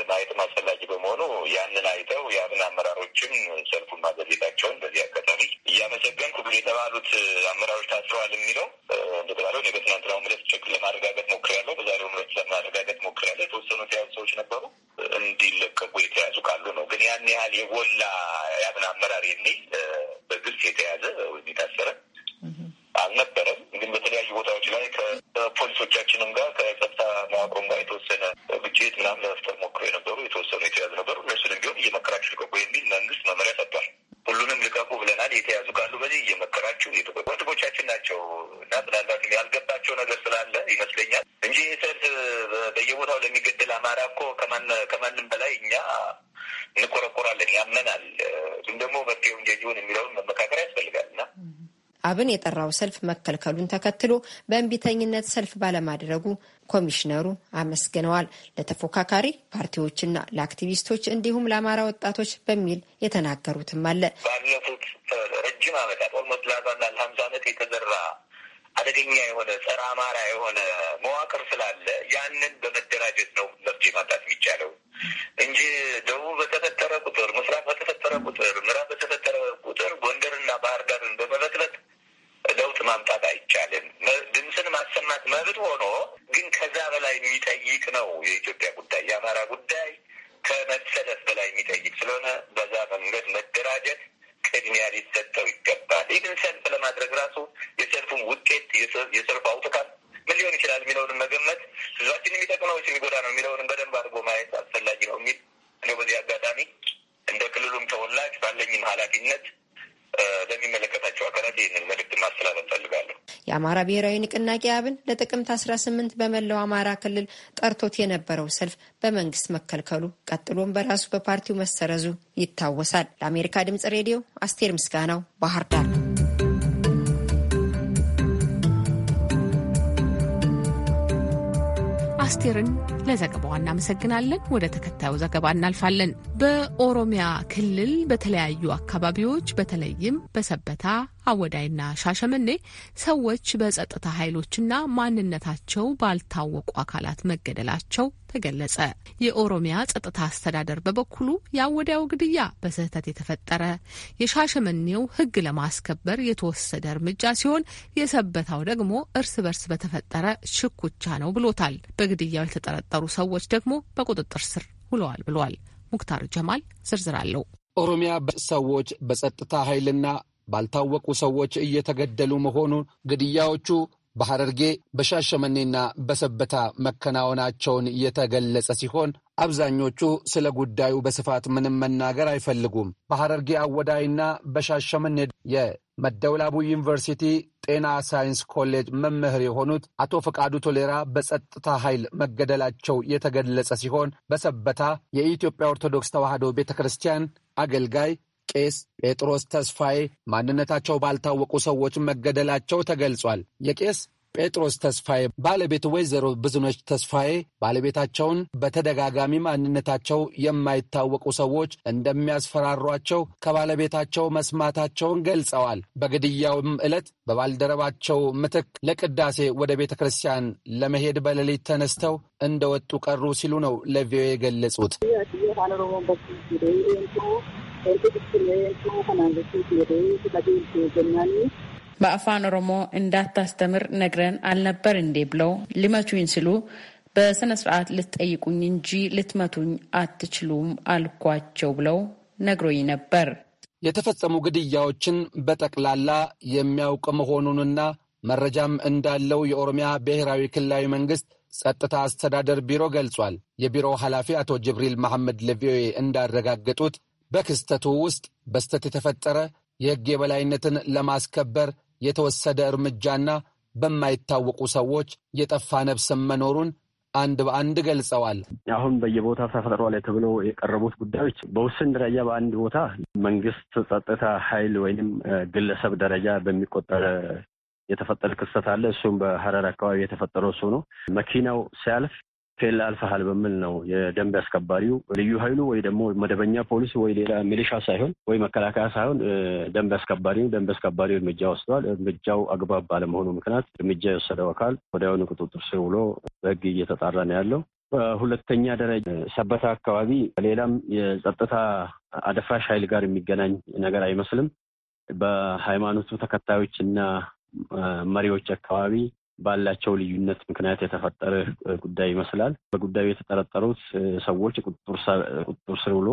ማየትም አስፈላጊ በመሆኑ ያንን አይተው የአብን አመራሮችም ሰልፉን ማዘቤታቸውን በዚህ አጋጣሚ እያመሰገንኩ ግን የተባሉት አመራሮች ታስረዋል የሚለው እንደተባለው እኔ በትናንትናው ምለት ችግር ለማረጋገጥ ሞክሬያለሁ። በዛሬው ምለት ለማረጋገጥ ሞክሬያለሁ። የተወሰኑ የተያዙ ሰዎች ነበሩ እንዲለቀቁ የተያዙ ካሉ ነው። ግን ያን ያህል የጎላ የአብን አመራር የሚል በግልጽ የተያዘ ወይም የታሰረ አልነበረም። ግን በተለያዩ ቦታዎች ላይ ከፖሊሶቻችንም ጋር ከጸጥታ መዋቅሮም ጋር የተወሰነ ግጭት ምናምን ለመፍጠር የተያዙ ነበሩ። እነሱን እንዲሁም እየመከራችሁ ልቀቁ የሚል መንግስት መመሪያ ሰጥቷል። ሁሉንም ልቀቁ ብለናል። የተያዙ ካሉ በዚህ እየመከራችሁ የተቆ ወንድሞቻችን ናቸው እና ምናልባትም ያልገባቸው ነገር ስላለ ይመስለኛል እንጂ ሰልፍ በየቦታው ለሚገደል አማራ እኮ ከማንም በላይ እኛ እንቆረቆራለን፣ ያመናል አብን የጠራው ሰልፍ መከልከሉን ተከትሎ በእንቢተኝነት ሰልፍ ባለማድረጉ ኮሚሽነሩ አመስግነዋል። ለተፎካካሪ ፓርቲዎችና ለአክቲቪስቶች እንዲሁም ለአማራ ወጣቶች በሚል የተናገሩትም አለ። ባለፉት ረጅም ዓመታት ኦልሞስት ለአርባ ለሀምሳ ዓመት የተዘራ አደገኛ የሆነ ጸረ አማራ የሆነ መዋቅር ስላለ ያንን በመደራጀት ነው መፍትሄ ማምጣት የሚቻለው እንጂ ደቡብ በተፈጠረ ቁጥር፣ ምስራቅ በተፈጠረ ቁጥር፣ ምዕራብ በተፈጠረ ቁጥር ጎንደርና ባህር ዳርን ማምጣት አይቻልም። ድምፅን ማሰማት መብት ሆኖ ግን ከዛ በላይ የሚጠይቅ ነው የኢትዮጵያ ጉዳይ የአማራ ጉዳይ ከመሰለፍ በላይ የሚጠይቅ ስለሆነ በዛ መንገድ መደራጀት ቅድሚያ ሊሰጠው ይገባል። ይህን ሰልፍ ለማድረግ ራሱ የሰልፉን ውጤት የሰልፉ አውጥታል ምን ሊሆን ይችላል የሚለውንም መገመት ህዝባችን የሚጠቅመው የሚጎዳ ነው የሚለውንም በደንብ አድርጎ ማየት አስፈላጊ ነው የሚል እኔ በዚህ አጋጣሚ እንደ ክልሉም ተወላጅ ባለኝም ኃላፊነት ለሚመለከታቸው አካላት ይህንን መልእክት ማስተላለፍ ፈልጋለሁ። የአማራ ብሔራዊ ንቅናቄ አብን ለጥቅምት አስራ ስምንት በመላው አማራ ክልል ጠርቶት የነበረው ሰልፍ በመንግስት መከልከሉ ቀጥሎም በራሱ በፓርቲው መሰረዙ ይታወሳል። ለአሜሪካ ድምጽ ሬዲዮ አስቴር ምስጋናው ባህር ዳር አስቴርን ለዘገባዋ እናመሰግናለን። ወደ ተከታዩ ዘገባ እናልፋለን። በኦሮሚያ ክልል በተለያዩ አካባቢዎች በተለይም በሰበታ አወዳይና ሻሸመኔ ሰዎች በጸጥታ ኃይሎችና ማንነታቸው ባልታወቁ አካላት መገደላቸው ተገለጸ። የኦሮሚያ ጸጥታ አስተዳደር በበኩሉ የአወዳያው ግድያ በስህተት የተፈጠረ የሻሸመኔው ሕግ ለማስከበር የተወሰደ እርምጃ ሲሆን የሰበታው ደግሞ እርስ በርስ በተፈጠረ ሽኩቻ ነው ብሎታል። በግድያው የተጠረጠሩ ሰዎች ደግሞ በቁጥጥር ስር ውለዋል ብሏል። ሙክታር ጀማል ዝርዝር አለው። ኦሮሚያ ሰዎች በጸጥታ ኃይልና ባልታወቁ ሰዎች እየተገደሉ መሆኑን፣ ግድያዎቹ በሐረርጌ በሻሸመኔና በሰበታ መከናወናቸውን የተገለጸ ሲሆን አብዛኞቹ ስለ ጉዳዩ በስፋት ምንም መናገር አይፈልጉም። በሐረርጌ አወዳይና በሻሸመኔ የመደውላቡ ዩኒቨርሲቲ ጤና ሳይንስ ኮሌጅ መምህር የሆኑት አቶ ፈቃዱ ቶሌራ በጸጥታ ኃይል መገደላቸው የተገለጸ ሲሆን በሰበታ የኢትዮጵያ ኦርቶዶክስ ተዋሕዶ ቤተ ክርስቲያን አገልጋይ ቄስ ጴጥሮስ ተስፋዬ ማንነታቸው ባልታወቁ ሰዎች መገደላቸው ተገልጿል። የቄስ ጴጥሮስ ተስፋዬ ባለቤቱ ወይዘሮ ብዙነች ተስፋዬ ባለቤታቸውን በተደጋጋሚ ማንነታቸው የማይታወቁ ሰዎች እንደሚያስፈራሯቸው ከባለቤታቸው መስማታቸውን ገልጸዋል። በግድያውም ዕለት በባልደረባቸው ምትክ ለቅዳሴ ወደ ቤተ ክርስቲያን ለመሄድ በሌሊት ተነስተው እንደወጡ ቀሩ ሲሉ ነው ለቪኦኤ የገለጹት። በአፋን ኦሮሞ እንዳታስተምር ነግረን አልነበር እንዴ ብለው ሊመቱኝ ስሉ በስነ ስርዓት ልትጠይቁኝ እንጂ ልትመቱኝ አትችሉም አልኳቸው ብለው ነግሮኝ ነበር። የተፈጸሙ ግድያዎችን በጠቅላላ የሚያውቅ መሆኑንና መረጃም እንዳለው የኦሮሚያ ብሔራዊ ክልላዊ መንግስት ጸጥታ አስተዳደር ቢሮ ገልጿል። የቢሮው ኃላፊ አቶ ጅብሪል መሐመድ ለቪኦኤ እንዳረጋገጡት በክስተቱ ውስጥ በስተት የተፈጠረ የሕግ የበላይነትን ለማስከበር የተወሰደ እርምጃና በማይታወቁ ሰዎች የጠፋ ነብስም መኖሩን አንድ በአንድ ገልጸዋል። አሁን በየቦታ ተፈጥሯል የተብሎ የቀረቡት ጉዳዮች በውስን ደረጃ በአንድ ቦታ መንግስት፣ ጸጥታ ኃይል ወይም ግለሰብ ደረጃ በሚቆጠር የተፈጠረ ክስተት አለ። እሱም በሀረር አካባቢ የተፈጠረው እሱ ነው። መኪናው ሲያልፍ ኬላ አልፈሃል በሚል ነው የደንብ አስከባሪው ልዩ ኃይሉ ወይ ደግሞ መደበኛ ፖሊስ ወይ ሌላ ሚሊሻ ሳይሆን ወይ መከላከያ ሳይሆን ደንብ አስከባሪ ደንብ አስከባሪው እርምጃ ወስደዋል። እርምጃው አግባብ ባለመሆኑ ምክንያት እርምጃ የወሰደው አካል ወዲያውኑ ቁጥጥር ስር ውሎ በህግ እየተጣራ ነው ያለው። በሁለተኛ ደረጃ ሰበታ አካባቢ ሌላም የጸጥታ አደፍራሽ ኃይል ጋር የሚገናኝ ነገር አይመስልም። በሃይማኖቱ ተከታዮች እና መሪዎች አካባቢ ባላቸው ልዩነት ምክንያት የተፈጠረ ጉዳይ ይመስላል። በጉዳዩ የተጠረጠሩት ሰዎች ቁጥጥር ስር ውሎ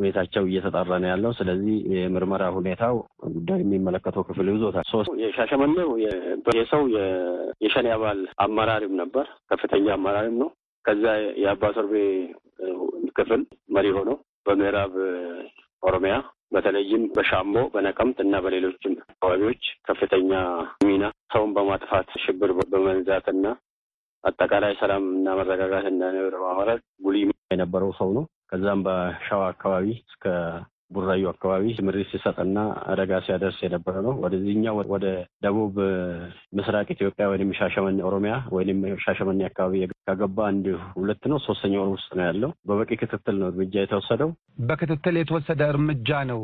ሁኔታቸው እየተጣራ ነው ያለው። ስለዚህ የምርመራ ሁኔታው ጉዳይ የሚመለከተው ክፍል ይዞታል። ሶስት የሻሸመኔው የሰው የሸኔ አባል አመራሪም ነበር፣ ከፍተኛ አመራሪም ነው። ከዛ የአባ ሶርቤ ክፍል መሪ ሆነው በምዕራብ ኦሮሚያ በተለይም በሻምቦ በነቀምት እና በሌሎችም አካባቢዎች ከፍተኛ ሚና ሰውን በማጥፋት ሽብር በመንዛት እና አጠቃላይ ሰላም እና መረጋጋት እና ንብረ ጉልህ የነበረው ሰው ነው። ከዛም በሸዋ አካባቢ እስከ ቡራዩ አካባቢ ምሪት ሲሰጥና አደጋ ሲያደርስ የነበረ ነው። ወደዚህኛው ወደ ደቡብ ምስራቅ ኢትዮጵያ ወይም ሻሸመኔ ኦሮሚያ ወይም ሻሸመኔ አካባቢ ከገባ አንድ ሁለት ነው ሶስተኛ ወር ውስጥ ነው ያለው። በበቂ ክትትል ነው እርምጃ የተወሰደው። በክትትል የተወሰደ እርምጃ ነው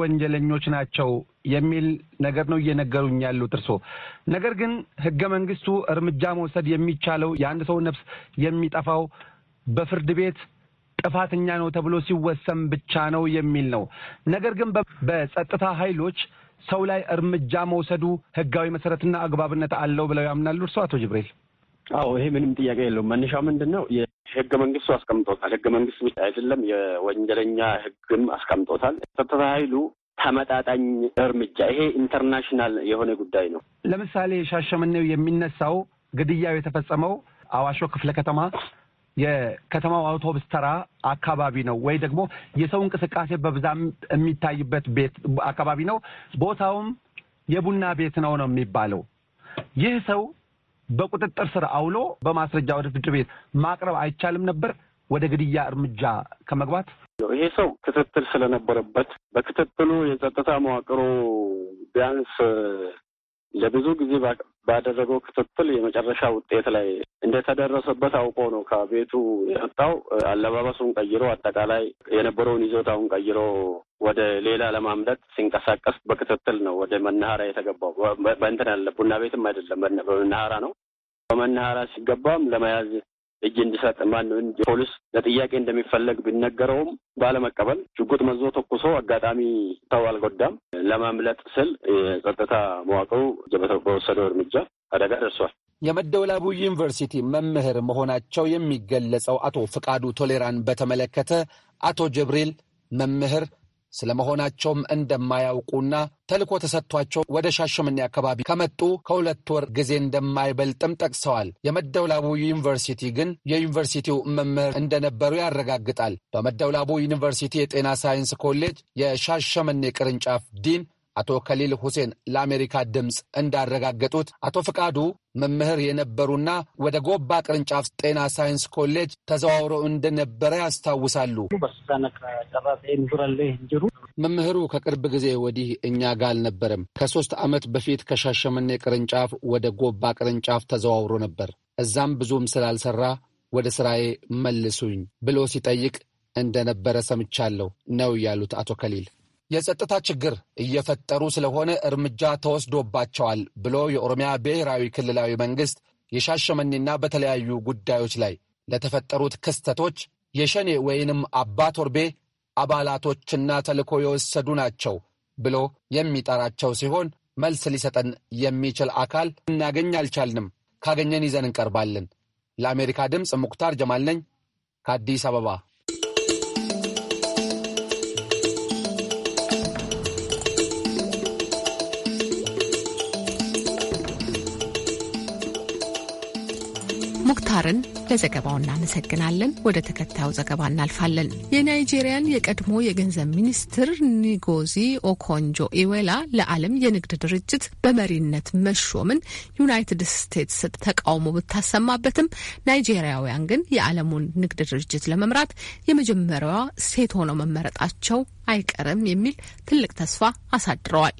ወንጀለኞች ናቸው የሚል ነገር ነው እየነገሩኝ ያሉት እርሶ። ነገር ግን ህገ መንግስቱ እርምጃ መውሰድ የሚቻለው የአንድ ሰው ነፍስ የሚጠፋው በፍርድ ቤት ጥፋተኛ ነው ተብሎ ሲወሰን ብቻ ነው የሚል ነው። ነገር ግን በጸጥታ ኃይሎች ሰው ላይ እርምጃ መውሰዱ ህጋዊ መሰረትና አግባብነት አለው ብለው ያምናሉ እርሶ አቶ ጅብሬል? አዎ ይሄ ምንም ጥያቄ የለውም። መነሻው ምንድን ነው? ህገ መንግስቱ አስቀምጦታል። ህገ መንግስት ብቻ አይደለም የወንጀለኛ ህግም አስቀምጦታል። ጸጥታ ኃይሉ ተመጣጣኝ እርምጃ ይሄ ኢንተርናሽናል የሆነ ጉዳይ ነው። ለምሳሌ ሻሸመኔው የሚነሳው ግድያው የተፈጸመው አዋሾ ክፍለ ከተማ የከተማው አውቶብስ ተራ አካባቢ ነው ወይ ደግሞ የሰው እንቅስቃሴ በብዛም የሚታይበት ቤት አካባቢ ነው። ቦታውም የቡና ቤት ነው ነው የሚባለው። ይህ ሰው በቁጥጥር ስር አውሎ በማስረጃ ወደ ፍርድ ቤት ማቅረብ አይቻልም ነበር ወደ ግድያ እርምጃ ከመግባት ይሄ ሰው ክትትል ስለነበረበት በክትትሉ የጸጥታ መዋቅሩ ቢያንስ ለብዙ ጊዜ ባደረገው ክትትል የመጨረሻ ውጤት ላይ እንደተደረሰበት አውቆ ነው ከቤቱ የመጣው። አለባበሱን ቀይሮ አጠቃላይ የነበረውን ይዞታውን ቀይሮ ወደ ሌላ ለማምለጥ ሲንቀሳቀስ በክትትል ነው ወደ መናኸሪያ የተገባው። በእንትን ያለ ቡና ቤትም አይደለም፣ በመናኸሪያ ነው። በመናኸሪያ ሲገባም ለመያዝ እጅ እንዲሰጥ ማን ፖሊስ ለጥያቄ እንደሚፈለግ ቢነገረውም ባለመቀበል ሽጉጥ መዞ ተኩሶ አጋጣሚ ሰው አልጎዳም። ለማምለጥ ስል የጸጥታ መዋቅሩ በወሰደው እርምጃ አደጋ ደርሷል። የመደወላቡ ዩኒቨርሲቲ መምህር መሆናቸው የሚገለጸው አቶ ፍቃዱ ቶሌራን በተመለከተ አቶ ጀብሪል መምህር ስለመሆናቸውም እንደማያውቁና ተልኮ ተሰጥቷቸው ወደ ሻሸመኔ አካባቢ ከመጡ ከሁለት ወር ጊዜ እንደማይበልጥም ጠቅሰዋል። የመደውላቡ ዩኒቨርሲቲ ግን የዩኒቨርሲቲው መምህር እንደነበሩ ያረጋግጣል። በመደውላቡ ዩኒቨርሲቲ የጤና ሳይንስ ኮሌጅ የሻሸመኔ ቅርንጫፍ ዲን አቶ ከሊል ሁሴን ለአሜሪካ ድምፅ እንዳረጋገጡት አቶ ፍቃዱ መምህር የነበሩና ወደ ጎባ ቅርንጫፍ ጤና ሳይንስ ኮሌጅ ተዘዋውረው እንደነበረ ያስታውሳሉ። መምህሩ ከቅርብ ጊዜ ወዲህ እኛ ጋ አልነበረም። ከሶስት ዓመት በፊት ከሻሸመኔ ቅርንጫፍ ወደ ጎባ ቅርንጫፍ ተዘዋውሮ ነበር። እዛም ብዙም ስላልሰራ ወደ ስራዬ መልሱኝ ብሎ ሲጠይቅ እንደነበረ ሰምቻለሁ ነው ያሉት አቶ ከሊል የጸጥታ ችግር እየፈጠሩ ስለሆነ እርምጃ ተወስዶባቸዋል ብሎ የኦሮሚያ ብሔራዊ ክልላዊ መንግሥት የሻሸመኔና በተለያዩ ጉዳዮች ላይ ለተፈጠሩት ክስተቶች የሸኔ ወይንም አባ ቶርቤ አባላቶችና ተልዕኮ የወሰዱ ናቸው ብሎ የሚጠራቸው ሲሆን መልስ ሊሰጠን የሚችል አካል እናገኝ አልቻልንም። ካገኘን ይዘን እንቀርባለን። ለአሜሪካ ድምፅ ሙክታር ጀማል ነኝ ከአዲስ አበባ። 다른 ለዘገባው እናመሰግናለን። ወደ ተከታዩ ዘገባ እናልፋለን። የናይጄሪያን የቀድሞ የገንዘብ ሚኒስትር ኒጎዚ ኦኮንጆ ኢዌላ ለዓለም የንግድ ድርጅት በመሪነት መሾምን ዩናይትድ ስቴትስ ተቃውሞ ብታሰማበትም ናይጄሪያውያን ግን የዓለሙን ንግድ ድርጅት ለመምራት የመጀመሪያዋ ሴት ሆነው መመረጣቸው አይቀርም የሚል ትልቅ ተስፋ አሳድረዋል።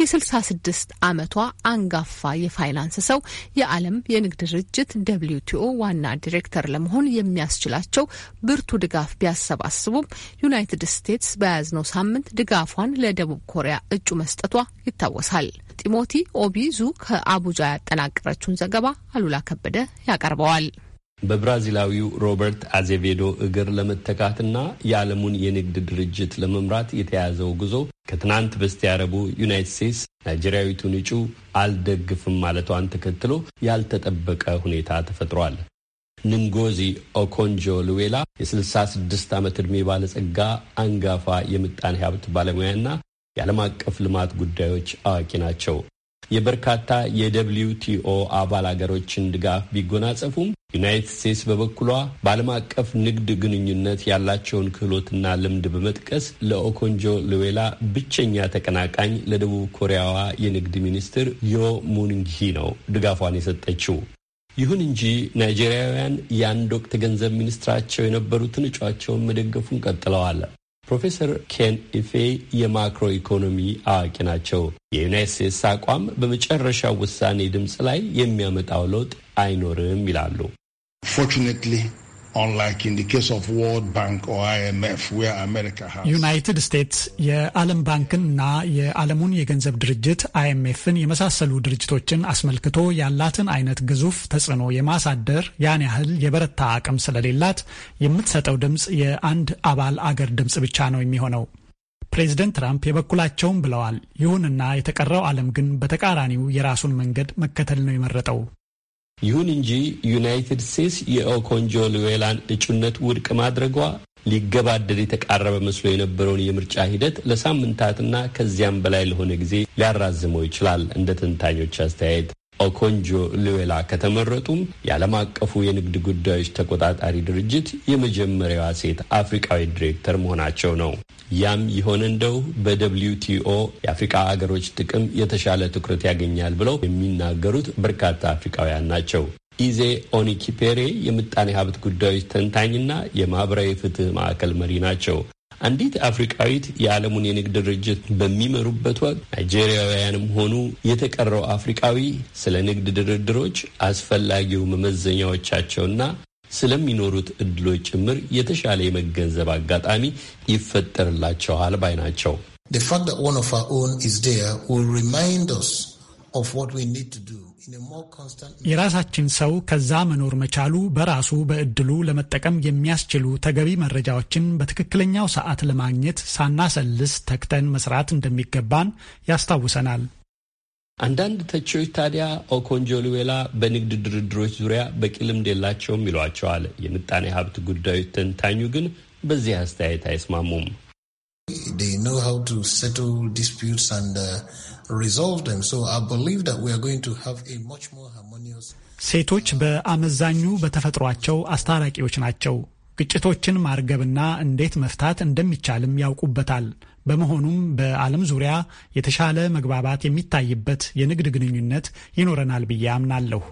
የ66 ዓመቷ አንጋፋ የፋይናንስ ሰው የዓለም የንግድ ድርጅት ደብሊውቲኦ ዋና ዲሬክተር ለመሆን የሚያስችላቸው ብርቱ ድጋፍ ቢያሰባስቡም ዩናይትድ ስቴትስ በያዝነው ሳምንት ድጋፏን ለደቡብ ኮሪያ እጩ መስጠቷ ይታወሳል። ጢሞቲ ኦቢዙ ከአቡጃ ያጠናቀረችውን ዘገባ አሉላ ከበደ ያቀርበዋል። በብራዚላዊው ሮበርት አዜቬዶ እግር ለመተካትና የዓለሙን የንግድ ድርጅት ለመምራት የተያዘው ጉዞ ከትናንት በስቲያ ረቡዕ ዩናይትድ ስቴትስ ናይጄሪያዊቱን እጩ አልደግፍም ማለቷን ተከትሎ ያልተጠበቀ ሁኔታ ተፈጥሯል። ንንጎዚ ኦኮንጆ ሉዌላ የ66 ዓመት ዕድሜ ባለጸጋ አንጋፋ የምጣኔ ሀብት ባለሙያና የዓለም አቀፍ ልማት ጉዳዮች አዋቂ ናቸው። የበርካታ የደብሊው ቲኦ አባል አገሮችን ድጋፍ ቢጎናጸፉም ዩናይትድ ስቴትስ በበኩሏ በዓለም አቀፍ ንግድ ግንኙነት ያላቸውን ክህሎትና ልምድ በመጥቀስ ለኦኮንጆ ሉዌላ ብቸኛ ተቀናቃኝ ለደቡብ ኮሪያዋ የንግድ ሚኒስትር ዮ ሙንግሂ ነው ድጋፏን የሰጠችው። ይሁን እንጂ ናይጄሪያውያን የአንድ ወቅት ገንዘብ ሚኒስትራቸው የነበሩትን እጩአቸውን መደገፉን ቀጥለዋል። ፕሮፌሰር ኬን ኢፌ የማክሮ ኢኮኖሚ አዋቂ ናቸው። የዩናይት ስቴትስ አቋም በመጨረሻው ውሳኔ ድምፅ ላይ የሚያመጣው ለውጥ አይኖርም ይላሉ። ዩናይትድ ስቴትስ የዓለም ባንክን እና የዓለሙን የገንዘብ ድርጅት አይኤምኤፍን የመሳሰሉ ድርጅቶችን አስመልክቶ ያላትን አይነት ግዙፍ ተጽዕኖ የማሳደር ያን ያህል የበረታ አቅም ስለሌላት የምትሰጠው ድምፅ የአንድ አባል አገር ድምፅ ብቻ ነው የሚሆነው። ፕሬዚደንት ትራምፕ የበኩላቸውን ብለዋል። ይሁንና የተቀረው ዓለም ግን በተቃራኒው የራሱን መንገድ መከተል ነው የመረጠው። ይሁን እንጂ ዩናይትድ ስቴትስ የኦኮንጆልዌላን እጩነት ውድቅ ማድረጓ ሊገባደድ የተቃረበ መስሎ የነበረውን የምርጫ ሂደት ለሳምንታትና ከዚያም በላይ ለሆነ ጊዜ ሊያራዝመው ይችላል። እንደ ተንታኞች አስተያየት ኦኮንጆ ልዌላ ከተመረጡም የዓለም አቀፉ የንግድ ጉዳዮች ተቆጣጣሪ ድርጅት የመጀመሪያዋ ሴት አፍሪካዊ ዲሬክተር መሆናቸው ነው። ያም የሆነ እንደው በደብልዩ ቲኦ የአፍሪካ አገሮች ጥቅም የተሻለ ትኩረት ያገኛል ብለው የሚናገሩት በርካታ አፍሪካውያን ናቸው። ኢዜ ኦኒኪፔሬ የምጣኔ ሀብት ጉዳዮች ተንታኝና የማህበራዊ ፍትህ ማዕከል መሪ ናቸው። አንዲት አፍሪቃዊት የዓለሙን የንግድ ድርጅት በሚመሩበት ወቅት ናይጄሪያውያንም ሆኑ የተቀረው አፍሪቃዊ ስለ ንግድ ድርድሮች አስፈላጊው መመዘኛዎቻቸውና ስለሚኖሩት እድሎች ጭምር የተሻለ የመገንዘብ አጋጣሚ ይፈጠርላቸዋል ባይ ናቸው። The fact that one of our own is there will remind us of what we need to do. የራሳችን ሰው ከዛ መኖር መቻሉ በራሱ በእድሉ ለመጠቀም የሚያስችሉ ተገቢ መረጃዎችን በትክክለኛው ሰዓት ለማግኘት ሳናሰልስ ተግተን መስራት እንደሚገባን ያስታውሰናል። አንዳንድ ተቺዎች ታዲያ ኦኮንጆ ኦኮንጆልዌላ በንግድ ድርድሮች ዙሪያ በቂ ልምድ የላቸውም ይሏቸዋል። የምጣኔ ሀብት ጉዳዮች ተንታኙ ግን በዚህ አስተያየት አይስማሙም። ሴቶች በአመዛኙ በተፈጥሯቸው አስታራቂዎች ናቸው። ግጭቶችን ማርገብና እንዴት መፍታት እንደሚቻልም ያውቁበታል። በመሆኑም በዓለም ዙሪያ የተሻለ መግባባት የሚታይበት የንግድ ግንኙነት ይኖረናል ብዬ አምናለሁ።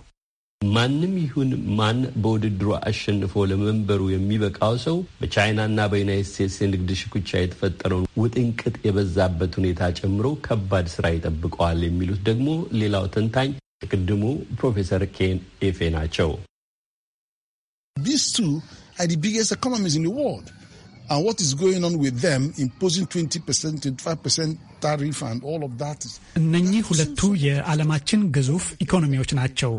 ማንም ይሁን ማን በውድድሩ አሸንፎ ለመንበሩ የሚበቃው ሰው በቻይናና በዩናይት ስቴትስ የንግድ ሽኩቻ የተፈጠረውን ውጥንቅጥ የበዛበት ሁኔታ ጨምሮ ከባድ ስራ ይጠብቀዋል የሚሉት ደግሞ ሌላው ተንታኝ የቅድሙ ፕሮፌሰር ኬን ኤፌ ናቸው። እነኚህ ሁለቱ የዓለማችን ግዙፍ ኢኮኖሚዎች ናቸው።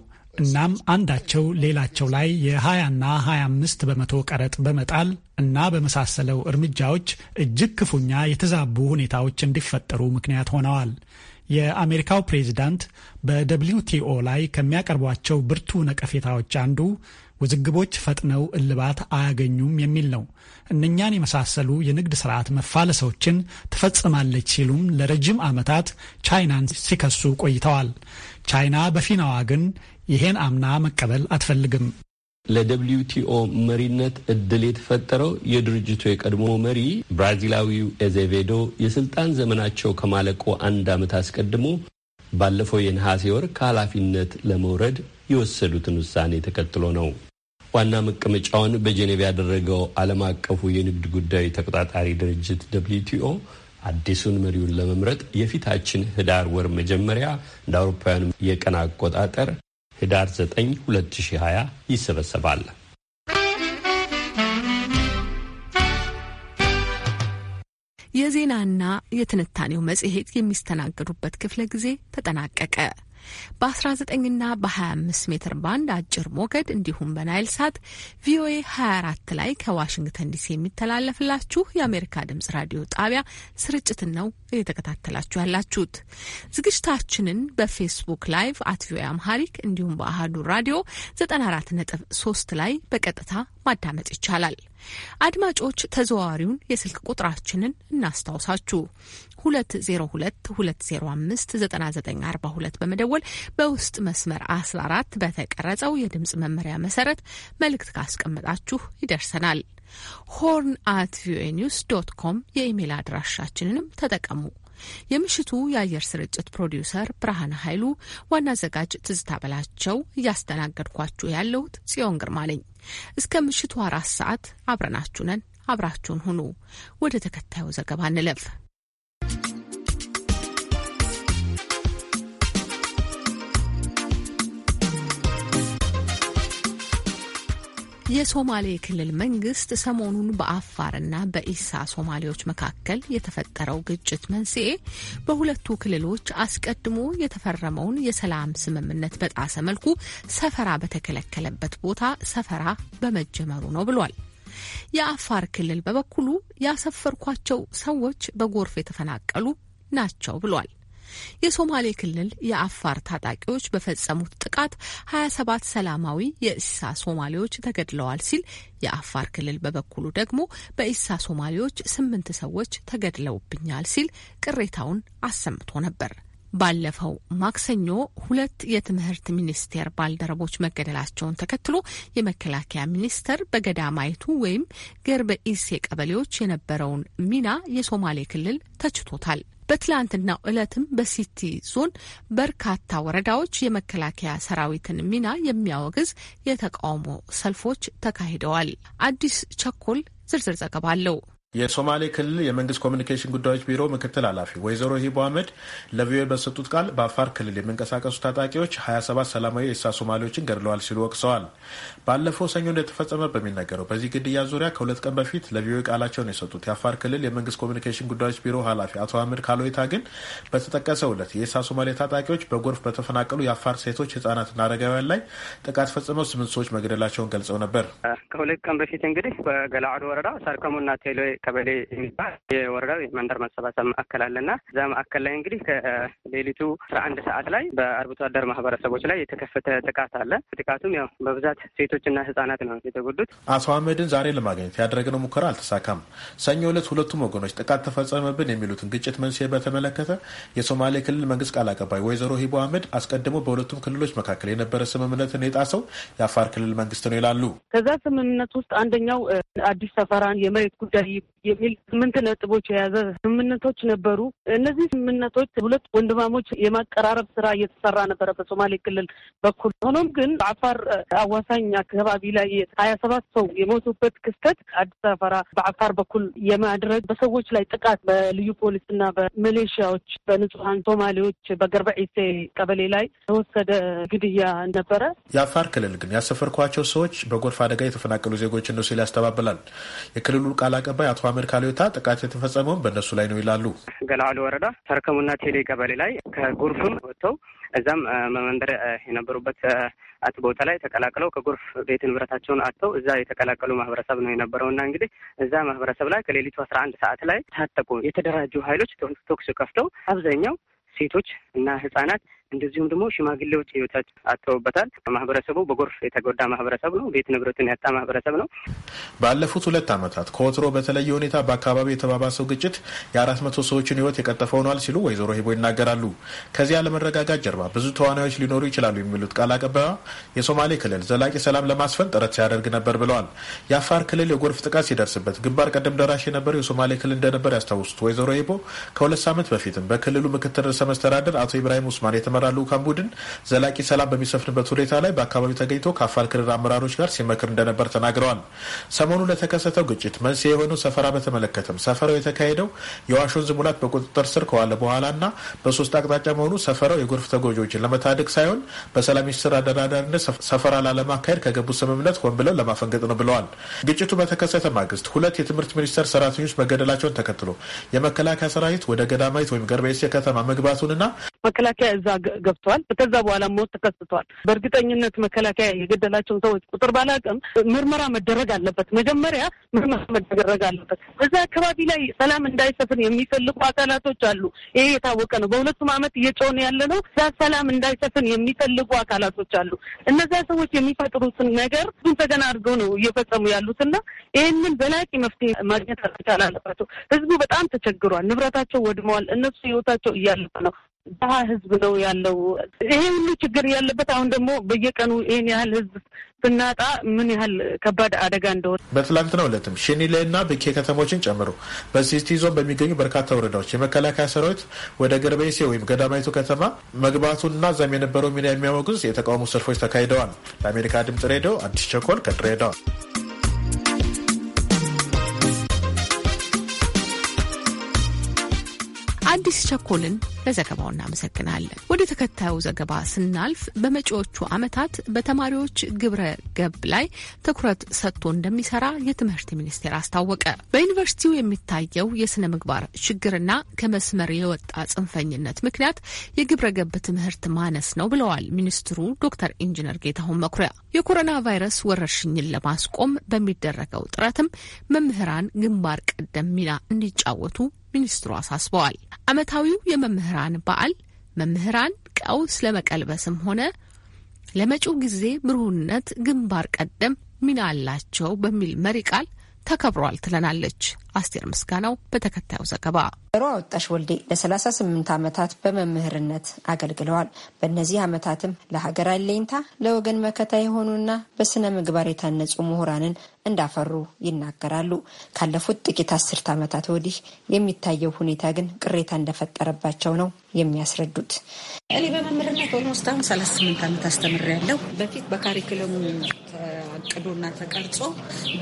እናም አንዳቸው ሌላቸው ላይ የ20ና 25 በመቶ ቀረጥ በመጣል እና በመሳሰለው እርምጃዎች እጅግ ክፉኛ የተዛቡ ሁኔታዎች እንዲፈጠሩ ምክንያት ሆነዋል። የአሜሪካው ፕሬዚዳንት ቲኦ ላይ ከሚያቀርቧቸው ብርቱ ነቀፌታዎች አንዱ ውዝግቦች ፈጥነው እልባት አያገኙም የሚል ነው። እነኛን የመሳሰሉ የንግድ ስርዓት መፋለሰዎችን ትፈጽማለች ሲሉም ለረጅም ዓመታት ቻይናን ሲከሱ ቆይተዋል። ቻይና በፊናዋ ግን ይሄን አምና መቀበል አትፈልግም። ለደብሊዩቲኦ መሪነት እድል የተፈጠረው የድርጅቱ የቀድሞ መሪ ብራዚላዊው ኤዘቬዶ የስልጣን ዘመናቸው ከማለቁ አንድ ዓመት አስቀድሞ ባለፈው የነሐሴ ወር ከኃላፊነት ለመውረድ የወሰዱትን ውሳኔ ተከትሎ ነው። ዋና መቀመጫውን በጄኔቭ ያደረገው ዓለም አቀፉ የንግድ ጉዳይ ተቆጣጣሪ ድርጅት ደብሊዩቲኦ አዲሱን መሪውን ለመምረጥ የፊታችን ህዳር ወር መጀመሪያ እንደ አውሮፓውያኑ የቀን አቆጣጠር ህዳር 9 2020 ይሰበሰባል። የዜናና የትንታኔው መጽሔት የሚስተናገዱበት ክፍለ ጊዜ ተጠናቀቀ። በ19ና በ25 ሜትር ባንድ አጭር ሞገድ እንዲሁም በናይል ሳት ቪኦኤ 24 ላይ ከዋሽንግተን ዲሲ የሚተላለፍላችሁ የአሜሪካ ድምጽ ራዲዮ ጣቢያ ስርጭትን ነው እየተከታተላችሁ ያላችሁት። ዝግጅታችንን በፌስቡክ ላይቭ አት ቪኦኤ አምሃሪክ እንዲሁም በአህዱ ራዲዮ 94.3 ላይ በቀጥታ ማዳመጥ ይቻላል። አድማጮች ተዘዋዋሪውን የስልክ ቁጥራችንን እናስታውሳችሁ 2022059942 በመደወል በውስጥ መስመር 14 በተቀረጸው የድምፅ መመሪያ መሰረት መልእክት ካስቀመጣችሁ ይደርሰናል። ሆርን አት ቪኦኤ ኒውስ ዶት ኮም የኢሜይል አድራሻችንንም ተጠቀሙ። የምሽቱ የአየር ስርጭት ፕሮዲውሰር ብርሃን ኃይሉ፣ ዋና አዘጋጅ ትዝታ በላቸው፣ እያስተናገድኳችሁ ያለሁት ጽዮን ግርማ ነኝ። እስከ ምሽቱ አራት ሰዓት አብረናችሁ ነን። አብራችሁን ሁኑ። ወደ ተከታዩ ዘገባ እንለፍ። የሶማሌ ክልል መንግስት ሰሞኑን በአፋርና በኢሳ ሶማሌዎች መካከል የተፈጠረው ግጭት መንስኤ በሁለቱ ክልሎች አስቀድሞ የተፈረመውን የሰላም ስምምነት በጣሰ መልኩ ሰፈራ በተከለከለበት ቦታ ሰፈራ በመጀመሩ ነው ብሏል። የአፋር ክልል በበኩሉ ያሰፈርኳቸው ሰዎች በጎርፍ የተፈናቀሉ ናቸው ብሏል። የሶማሌ ክልል የአፋር ታጣቂዎች በፈጸሙት ጥቃት 27 ሰላማዊ የኢሳ ሶማሌዎች ተገድለዋል ሲል የአፋር ክልል በበኩሉ ደግሞ በኢሳ ሶማሌዎች ስምንት ሰዎች ተገድለውብኛል ሲል ቅሬታውን አሰምቶ ነበር። ባለፈው ማክሰኞ ሁለት የትምህርት ሚኒስቴር ባልደረቦች መገደላቸውን ተከትሎ የመከላከያ ሚኒስቴር በገዳማይቱ ወይም ገርበ ኢሴ ቀበሌዎች የነበረውን ሚና የሶማሌ ክልል ተችቶታል። በትላንትናው ዕለትም በሲቲ ዞን በርካታ ወረዳዎች የመከላከያ ሰራዊትን ሚና የሚያወግዝ የተቃውሞ ሰልፎች ተካሂደዋል። አዲስ ቸኮል ዝርዝር ዘገባ አለው። የሶማሌ ክልል የመንግስት ኮሚኒኬሽን ጉዳዮች ቢሮ ምክትል ኃላፊ ወይዘሮ ሂቦ አህመድ ለቪኦኤ በሰጡት ቃል በአፋር ክልል የሚንቀሳቀሱ ታጣቂዎች 27 ሰላማዊ የእሳ ሶማሌዎችን ገድለዋል ሲሉ ወቅሰዋል። ባለፈው ሰኞ እንደተፈጸመ በሚነገረው በዚህ ግድያ ዙሪያ ከሁለት ቀን በፊት ለቪኦኤ ቃላቸውን የሰጡት የአፋር ክልል የመንግስት ኮሚኒኬሽን ጉዳዮች ቢሮ ኃላፊ አቶ አህመድ ካሎይታ ግን በተጠቀሰው ዕለት የእሳ ሶማሌ ታጣቂዎች በጎርፍ በተፈናቀሉ የአፋር ሴቶች፣ ህጻናትና አረጋውያን ላይ ጥቃት ፈጽመው ስምንት ሰዎች መግደላቸውን ገልጸው ነበር። ከሁለት ቀን በፊት እንግዲህ በገላዶ ወረዳ ሳርከሙና ቀበሌ የሚባል የወረዳ የመንደር መሰባሰብ ማዕከል አለና እዛ ማዕከል ላይ እንግዲህ ከሌሊቱ አስራ አንድ ሰዓት ላይ በአርብቶ አደር ማህበረሰቦች ላይ የተከፈተ ጥቃት አለ። ጥቃቱም ያው በብዛት ሴቶችና ህጻናት ነው የተጎዱት። አቶ አህመድን ዛሬ ለማግኘት ያደረግነው ሙከራ አልተሳካም። ሰኞ ዕለት ሁለቱም ወገኖች ጥቃት ተፈጸመብን የሚሉትን ግጭት መንስኤ በተመለከተ የሶማሌ ክልል መንግስት ቃል አቀባይ ወይዘሮ ሂቦ አህመድ አስቀድሞ በሁለቱም ክልሎች መካከል የነበረ ስምምነትን የጣሰው የአፋር ክልል መንግስት ነው ይላሉ። ከዛ ስምምነት ውስጥ አንደኛው አዲስ ሰፈራን የመሬት ጉዳይ የሚል ስምንት ነጥቦች የያዘ ስምምነቶች ነበሩ። እነዚህ ስምምነቶች ሁለት ወንድማሞች የማቀራረብ ስራ እየተሰራ ነበረ በሶማሌ ክልል በኩል። ሆኖም ግን በአፋር አዋሳኝ አካባቢ ላይ ሀያ ሰባት ሰው የሞቱበት ክስተት አዲስ አፈራ በአፋር በኩል የማድረግ በሰዎች ላይ ጥቃት በልዩ ፖሊስና በሚሊሺያዎች በንጹሀን ሶማሌዎች በገርበዒሴ ቀበሌ ላይ ተወሰደ ግድያ ነበረ። የአፋር ክልል ግን ያሰፈርኳቸው ሰዎች በጎርፍ አደጋ የተፈናቀሉ ዜጎች ነው ሲል ያስተባብላል። የክልሉ ቃል አቀባይ አቶ መሐመድ ካሊዮታ ጥቃት የተፈጸመውን በእነሱ ላይ ነው ይላሉ። ገላሉ ወረዳ ተረከሙና ቴሌ ቀበሌ ላይ ከጎርፍም ወጥተው እዛም መመንደር የነበሩበት አት ቦታ ላይ ተቀላቅለው ከጎርፍ ቤት ንብረታቸውን አጥተው እዛ የተቀላቀሉ ማህበረሰብ ነው የነበረው እና እንግዲህ እዛ ማህበረሰብ ላይ ከሌሊቱ አስራ አንድ ሰዓት ላይ ታጠቁ የተደራጁ ኃይሎች ቶክስ ከፍተው አብዛኛው ሴቶች እና ህጻናት እንደዚሁም ደግሞ ሽማግሌዎች ህይወታቸው አጥተውበታል። ማህበረሰቡ በጎርፍ የተጎዳ ማህበረሰብ ነው። ቤት ንብረትን ያጣ ማህበረሰብ ነው። ባለፉት ሁለት ዓመታት ከወትሮ በተለየ ሁኔታ በአካባቢ የተባባሰው ግጭት የአራት መቶ ሰዎችን ህይወት የቀጠፈው ነዋል ሲሉ ወይዘሮ ሂቦ ይናገራሉ። ከዚህ አለመረጋጋት ጀርባ ብዙ ተዋናዮች ሊኖሩ ይችላሉ የሚሉት ቃል አቀባዩ የሶማሌ ክልል ዘላቂ ሰላም ለማስፈን ጥረት ሲያደርግ ነበር ብለዋል። የአፋር ክልል የጎርፍ ጥቃት ሲደርስበት ግንባር ቀደም ደራሽ የነበረው የሶማሌ ክልል እንደነበር ያስታውሱት ወይዘሮ ሂቦ ከሁለት ሳምንት በፊትም በክልሉ ምክትል ርዕሰ መስተዳደር አቶ ኢብራሂም ውስማን የሚመራ ልዑካን ቡድን ዘላቂ ሰላም በሚሰፍንበት ሁኔታ ላይ በአካባቢው ተገኝቶ ከአፋር ክልል አመራሮች ጋር ሲመክር እንደነበር ተናግረዋል። ሰሞኑ ለተከሰተው ግጭት መንስኤ የሆነው ሰፈራ በተመለከተም ሰፈራው የተካሄደው የዋሾን ዝሙላት በቁጥጥር ስር ከዋለ በኋላና በሶስት አቅጣጫ መሆኑ ሰፈራው የጎርፍ ተጎጂዎችን ለመታደግ ሳይሆን በሰላም ሚኒስትር አደራዳሪነት ሰፈራ ላለማካሄድ ከገቡት ስምምነት ሆን ብለው ለማፈንገጥ ነው ብለዋል። ግጭቱ በተከሰተ ማግስት ሁለት የትምህርት ሚኒስቴር ሰራተኞች መገደላቸውን ተከትሎ የመከላከያ ሰራዊት ወደ ገዳማዊት ወይም ገርበሴ ከተማ መግባቱንና መከላከያ እዛ ገብተዋል። ከዛ በኋላ ሞት ተከስቷል። በእርግጠኝነት መከላከያ የገደላቸውን ሰዎች ቁጥር ባላቅም ምርመራ መደረግ አለበት። መጀመሪያ ምርመራ መደረግ አለበት። እዛ አካባቢ ላይ ሰላም እንዳይሰፍን የሚፈልጉ አካላቶች አሉ። ይሄ የታወቀ ነው። በሁለቱም ዓመት እየጮን ያለ ነው። እዛ ሰላም እንዳይሰፍን የሚፈልጉ አካላቶች አሉ። እነዛ ሰዎች የሚፈጥሩትን ነገር ብዙም ተገና አድርገው ነው እየፈጸሙ ያሉትና ይህንን በላቂ መፍትሄ ማግኘት አልተቻለ አለባቸው። ህዝቡ በጣም ተቸግሯል። ንብረታቸው ወድመዋል። እነሱ ህይወታቸው እያለፈ ነው። ድሀ ህዝብ ነው ያለው። ይሄ ሁሉ ችግር ያለበት አሁን ደግሞ በየቀኑ ይሄን ያህል ህዝብ ስናጣ ምን ያህል ከባድ አደጋ እንደሆነ በትላንትናው ዕለትም ሽኒሌ እና ብኬ ከተሞችን ጨምሮ በሲቲ ዞን በሚገኙ በርካታ ወረዳዎች የመከላከያ ሰራዊት ወደ ገርበይሴ ወይም ገዳማይቱ ከተማ መግባቱና እዛም የነበረው ሚና የሚያወግዝ የተቃውሞ ሰልፎች ተካሂደዋል። ለአሜሪካ ድምጽ ሬዲዮ አዲስ ቸኮል ከድሬዳዋ አዲስ ቸኮልን ለዘገባው እናመሰግናለን። ወደ ተከታዩ ዘገባ ስናልፍ በመጪዎቹ ዓመታት በተማሪዎች ግብረ ገብ ላይ ትኩረት ሰጥቶ እንደሚሰራ የትምህርት ሚኒስቴር አስታወቀ። በዩኒቨርሲቲው የሚታየው የስነ ምግባር ችግርና ከመስመር የወጣ ጽንፈኝነት ምክንያት የግብረ ገብ ትምህርት ማነስ ነው ብለዋል ሚኒስትሩ ዶክተር ኢንጂነር ጌታሁን መኩሪያ። የኮሮና ቫይረስ ወረርሽኝን ለማስቆም በሚደረገው ጥረትም መምህራን ግንባር ቀደም ሚና እንዲጫወቱ ሚኒስትሩ አሳስበዋል። ዓመታዊው የመምህራን በዓል መምህራን ቀውስ ለመቀልበስም ሆነ ለመጪው ጊዜ ብሩህነት ግንባር ቀደም ሚና አላቸው በሚል መሪ ቃል ተከብሯል ትለናለች። አስቴር ምስጋናው በተከታዩ ዘገባ ሮ አወጣሽ ወልዴ ለ38 ዓመታት በመምህርነት አገልግለዋል። በእነዚህ ዓመታትም ለሀገር አለኝታ ለወገን መከታ የሆኑና በስነ ምግባር የታነጹ ምሁራንን እንዳፈሩ ይናገራሉ። ካለፉት ጥቂት አስርት ዓመታት ወዲህ የሚታየው ሁኔታ ግን ቅሬታ እንደፈጠረባቸው ነው የሚያስረዱት። እኔ በመምህርነት ኦልሞስት አሁን 38 ዓመት አስተምሬያለሁ። በፊት በካሪክለሙ ተቅዶና ተቀርጾ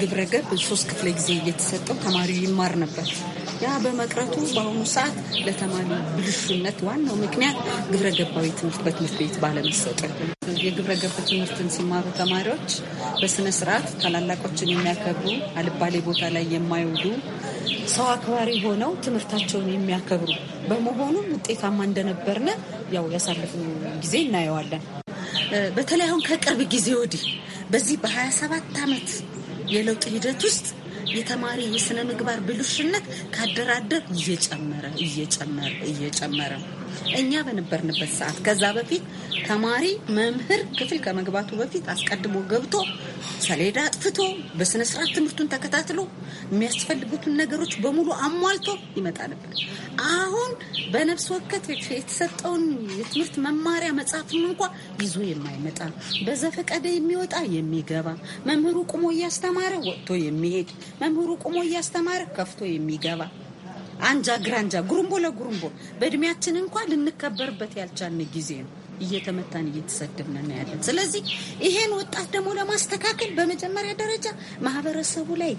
ግብረገብ ሶስት ክፍለ ጊዜ እየተሰጠው ተማሪ ይማር ነበር። ያ በመቅረቱ በአሁኑ ሰዓት ለተማሪ ብልሹነት ዋናው ምክንያት ግብረ ገባዊ ትምህርት በትምህርት ቤት ባለመሰጠ የግብረ ገብ ትምህርትን ሲማሩ ተማሪዎች በስነ ስርዓት ታላላቆችን የሚያከብሩ አልባሌ ቦታ ላይ የማይውሉ ሰው አክባሪ ሆነው ትምህርታቸውን የሚያከብሩ በመሆኑም ውጤታማ እንደነበርነ ያው ያሳለፍነው ጊዜ እናየዋለን። በተለይ አሁን ከቅርብ ጊዜ ወዲህ በዚህ በ27 ዓመት የለውጥ ሂደት ውስጥ የተማሪ የስነ ምግባር ብልሽነት ካደራደር እየጨመረ እየጨመረ እየጨመረ እኛ በነበርንበት ሰዓት ከዛ በፊት ተማሪ መምህር ክፍል ከመግባቱ በፊት አስቀድሞ ገብቶ ሰሌዳ አጥፍቶ በስነስርዓት ትምህርቱን ተከታትሎ የሚያስፈልጉትን ነገሮች በሙሉ አሟልቶ ይመጣ ነበር። አሁን በነፍስ ወከት የተሰጠውን የትምህርት መማሪያ መጽሐፍም እንኳ ይዞ የማይመጣ በዘፈቀደ የሚወጣ የሚገባ መምህሩ ቁሞ እያስተማረ ወጥቶ የሚሄድ መምህሩ ቁሞ እያስተማረ ከፍቶ የሚገባ አንጃ ግራንጃ ጉርምቦ ለጉርምቦ በእድሜያችን እንኳን ልንከበርበት ያልቻልን ጊዜ ነው። እየተመታን እየተሰደብን ነው ያለን። ስለዚህ ይሄን ወጣት ደግሞ ለማስተካከል በመጀመሪያ ደረጃ ማህበረሰቡ ላይ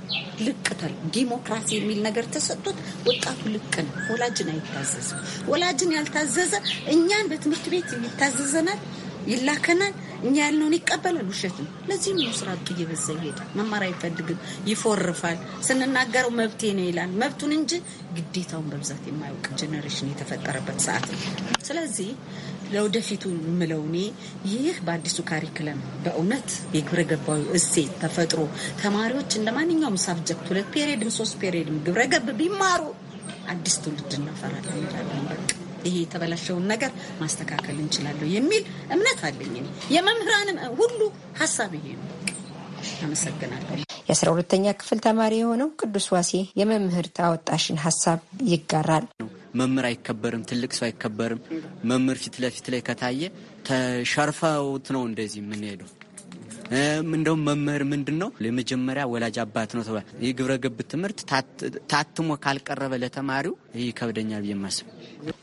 ልቅተል ዲሞክራሲ የሚል ነገር ተሰጥቶት ወጣቱ ልቅ ነው። ወላጅን አይታዘዝም። ወላጅን ያልታዘዘ እኛን በትምህርት ቤት ይታዘዘናል፣ ይላከናል እኛ ያልነውን ይቀበላል። ውሸት ነው። ለዚህም ነው ስራ አጡ እየበዛ ይሄዳል። መማር አይፈልግም፣ ይፎርፋል። ስንናገረው መብቴ ነው ይላል። መብቱን እንጂ ግዴታውን በብዛት የማያውቅ ጀኔሬሽን የተፈጠረበት ሰዓት ነው። ስለዚህ ለወደፊቱ የምለው እኔ ይህ በአዲሱ ካሪክለም በእውነት የግብረ ገባዊ እሴት ተፈጥሮ ተማሪዎች እንደ ማንኛውም ሳብጀክት ሁለት ፔሪድም ሶስት ፔሪድም ግብረ ገብ ቢማሩ አዲስ ትውልድ እናፈራለን። በቃ ይሄ የተበላሸውን ነገር ማስተካከል እንችላለሁ የሚል እምነት አለኝ። የመምህራንም ሁሉ ሀሳብ ይሄ ነው። አመሰግናለሁ። የአስራ ሁለተኛ ክፍል ተማሪ የሆነው ቅዱስ ዋሴ የመምህር ታወጣሽን ሀሳብ ይጋራል። መምህር አይከበርም፣ ትልቅ ሰው አይከበርም። መምህር ፊት ለፊት ላይ ከታየ ተሸርፈውት ነው እንደዚህ የምንሄደው እንደውም መምህር ምንድን ነው የመጀመሪያ ወላጅ አባት ነው ተባለ። ይህ ግብረ ገብ ትምህርት ታትሞ ካልቀረበ ለተማሪው ይህ ከብደኛል ብዬ ማስብ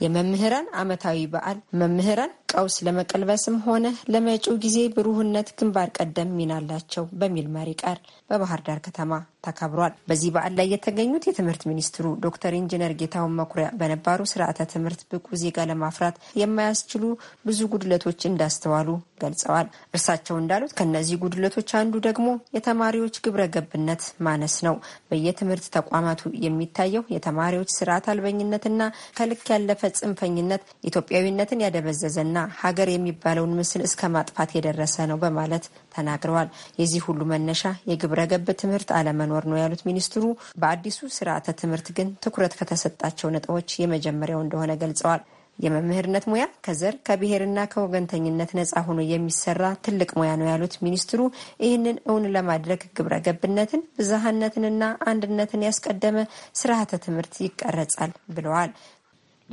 የመምህራን አመታዊ በዓል መምህራን ቀውስ ለመቀልበስም ሆነ ለመጪው ጊዜ ብሩህነት ግንባር ቀደም ሚናላቸው በሚል መሪ ቃል በባህር ዳር ከተማ ተከብሯል። በዚህ በዓል ላይ የተገኙት የትምህርት ሚኒስትሩ ዶክተር ኢንጂነር ጌታሁን መኩሪያ በነባሩ ስርዓተ ትምህርት ብቁ ዜጋ ለማፍራት የማያስችሉ ብዙ ጉድለቶች እንዳስተዋሉ ገልጸዋል። እርሳቸው እንዳሉት ከእነዚህ ጉድለቶች አንዱ ደግሞ የተማሪዎች ግብረ ገብነት ማነስ ነው። በየትምህርት ተቋማቱ የሚታየው የተማሪዎች ስርዓት አልበኝነትና ከልክ ያለፈ ጽንፈኝነት ኢትዮጵያዊነትን ያደበዘዘና ሀገር የሚባለውን ምስል እስከ ማጥፋት የደረሰ ነው በማለት ተናግረዋል። የዚህ ሁሉ መነሻ የግብረ ገብ ትምህርት አለመኖር ነው ያሉት ሚኒስትሩ በአዲሱ ስርዓተ ትምህርት ግን ትኩረት ከተሰጣቸው ነጥቦች የመጀመሪያው እንደሆነ ገልጸዋል። የመምህርነት ሙያ ከዘር ከብሔርና ከወገንተኝነት ነፃ ሆኖ የሚሰራ ትልቅ ሙያ ነው ያሉት ሚኒስትሩ ይህንን እውን ለማድረግ ግብረ ገብነትን ብዝሃነትንና አንድነትን ያስቀደመ ስርዓተ ትምህርት ይቀረጻል ብለዋል።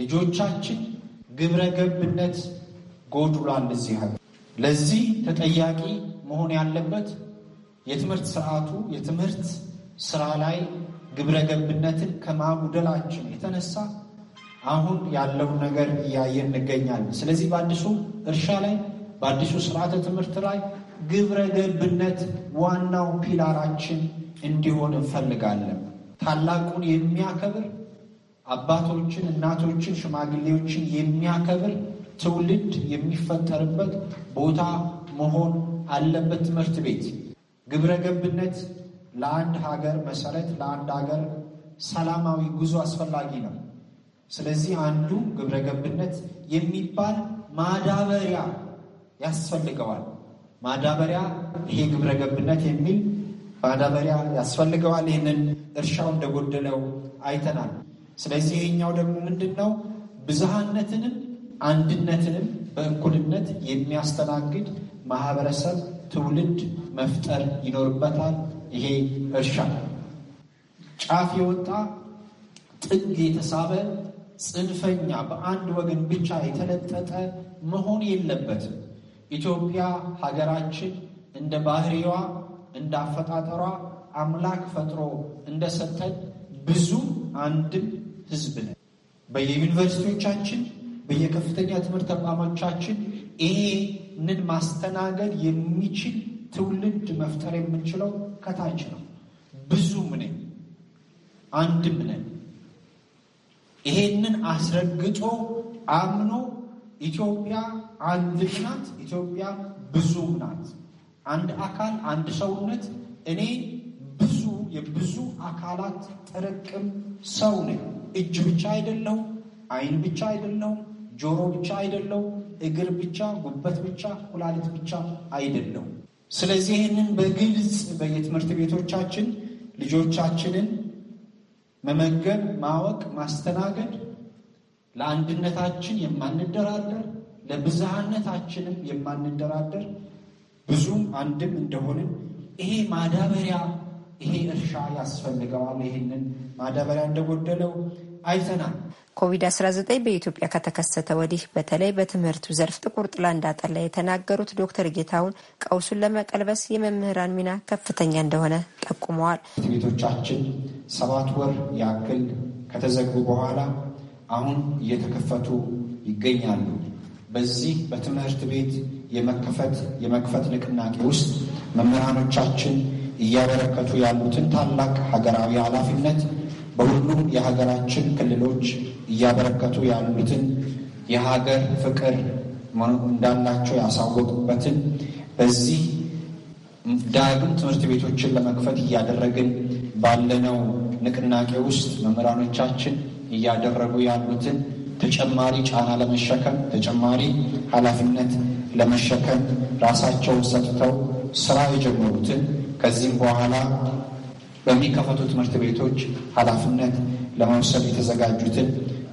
ልጆቻችን ግብረ ገብነት ጎድሏል እዚህ ሀገር። ለዚህ ተጠያቂ መሆን ያለበት የትምህርት ስርዓቱ የትምህርት ስራ ላይ ግብረገብነትን ከማጉደላችን የተነሳ አሁን ያለውን ነገር እያየን እንገኛለን። ስለዚህ በአዲሱ እርሻ ላይ በአዲሱ ስርዓተ ትምህርት ላይ ግብረገብነት ዋናው ፒላራችን እንዲሆን እንፈልጋለን። ታላቁን የሚያከብር አባቶችን፣ እናቶችን፣ ሽማግሌዎችን የሚያከብር ትውልድ የሚፈጠርበት ቦታ መሆን አለበት። ትምህርት ቤት ግብረ ገብነት ለአንድ ሀገር መሰረት፣ ለአንድ ሀገር ሰላማዊ ጉዞ አስፈላጊ ነው። ስለዚህ አንዱ ግብረ ገብነት የሚባል ማዳበሪያ ያስፈልገዋል። ማዳበሪያ ይሄ ግብረ ገብነት የሚል ማዳበሪያ ያስፈልገዋል። ይህንን እርሻው እንደጎደለው አይተናል። ስለዚህ ይሄኛው ደግሞ ምንድን ነው ብዝሃነትንም አንድነትንም በእኩልነት የሚያስተናግድ ማህበረሰብ ትውልድ መፍጠር ይኖርበታል። ይሄ እርሻ ጫፍ የወጣ ጥግ የተሳበ ጽንፈኛ፣ በአንድ ወገን ብቻ የተለጠጠ መሆን የለበትም። ኢትዮጵያ ሀገራችን እንደ ባህሪዋ እንደ አፈጣጠሯ አምላክ ፈጥሮ እንደሰጠን ብዙ አንድም ህዝብ ነን። በየዩኒቨርሲቲዎቻችን በየከፍተኛ ትምህርት ተቋሞቻችን ይሄንን ማስተናገድ የሚችል ትውልድ መፍጠር የምንችለው ከታች ነው። ብዙ ምነን አንድ ምነን ይሄንን አስረግጦ አምኖ ኢትዮጵያ አንድ ናት፣ ኢትዮጵያ ብዙ ናት፣ አንድ አካል፣ አንድ ሰውነት፣ እኔ ብዙ የብዙ አካላት ጥርቅም ሰው ነኝ። እጅ ብቻ አይደለሁም፣ አይን ብቻ አይደለሁም ጆሮ ብቻ አይደለው፣ እግር ብቻ፣ ጉበት ብቻ፣ ኩላሊት ብቻ አይደለው። ስለዚህ ይህንን በግልጽ በየትምህርት ቤቶቻችን ልጆቻችንን መመገብ፣ ማወቅ፣ ማስተናገድ ለአንድነታችን የማንደራደር ለብዝሃነታችንም የማንደራደር ብዙም አንድም እንደሆንን ይሄ ማዳበሪያ ይሄ እርሻ ያስፈልገዋል። ይህንን ማዳበሪያ እንደጎደለው አይተናል። ኮቪድ-19 በኢትዮጵያ ከተከሰተ ወዲህ በተለይ በትምህርቱ ዘርፍ ጥቁር ጥላ እንዳጠላ የተናገሩት ዶክተር ጌታውን ቀውሱን ለመቀልበስ የመምህራን ሚና ከፍተኛ እንደሆነ ጠቁመዋል። ቤቶቻችን ሰባት ወር ያክል ከተዘጉ በኋላ አሁን እየተከፈቱ ይገኛሉ። በዚህ በትምህርት ቤት የመከፈት የመክፈት ንቅናቄ ውስጥ መምህራኖቻችን እያበረከቱ ያሉትን ታላቅ ሀገራዊ ኃላፊነት በሁሉም የሀገራችን ክልሎች እያበረከቱ ያሉትን የሀገር ፍቅር እንዳላቸው ያሳወቁበትን በዚህ ዳግም ትምህርት ቤቶችን ለመክፈት እያደረግን ባለነው ንቅናቄ ውስጥ መምህራኖቻችን እያደረጉ ያሉትን ተጨማሪ ጫና ለመሸከም ተጨማሪ ኃላፊነት ለመሸከም ራሳቸውን ሰጥተው ስራ የጀመሩትን ከዚህም በኋላ በሚከፈቱ ትምህርት ቤቶች ኃላፊነት ለመውሰድ የተዘጋጁትን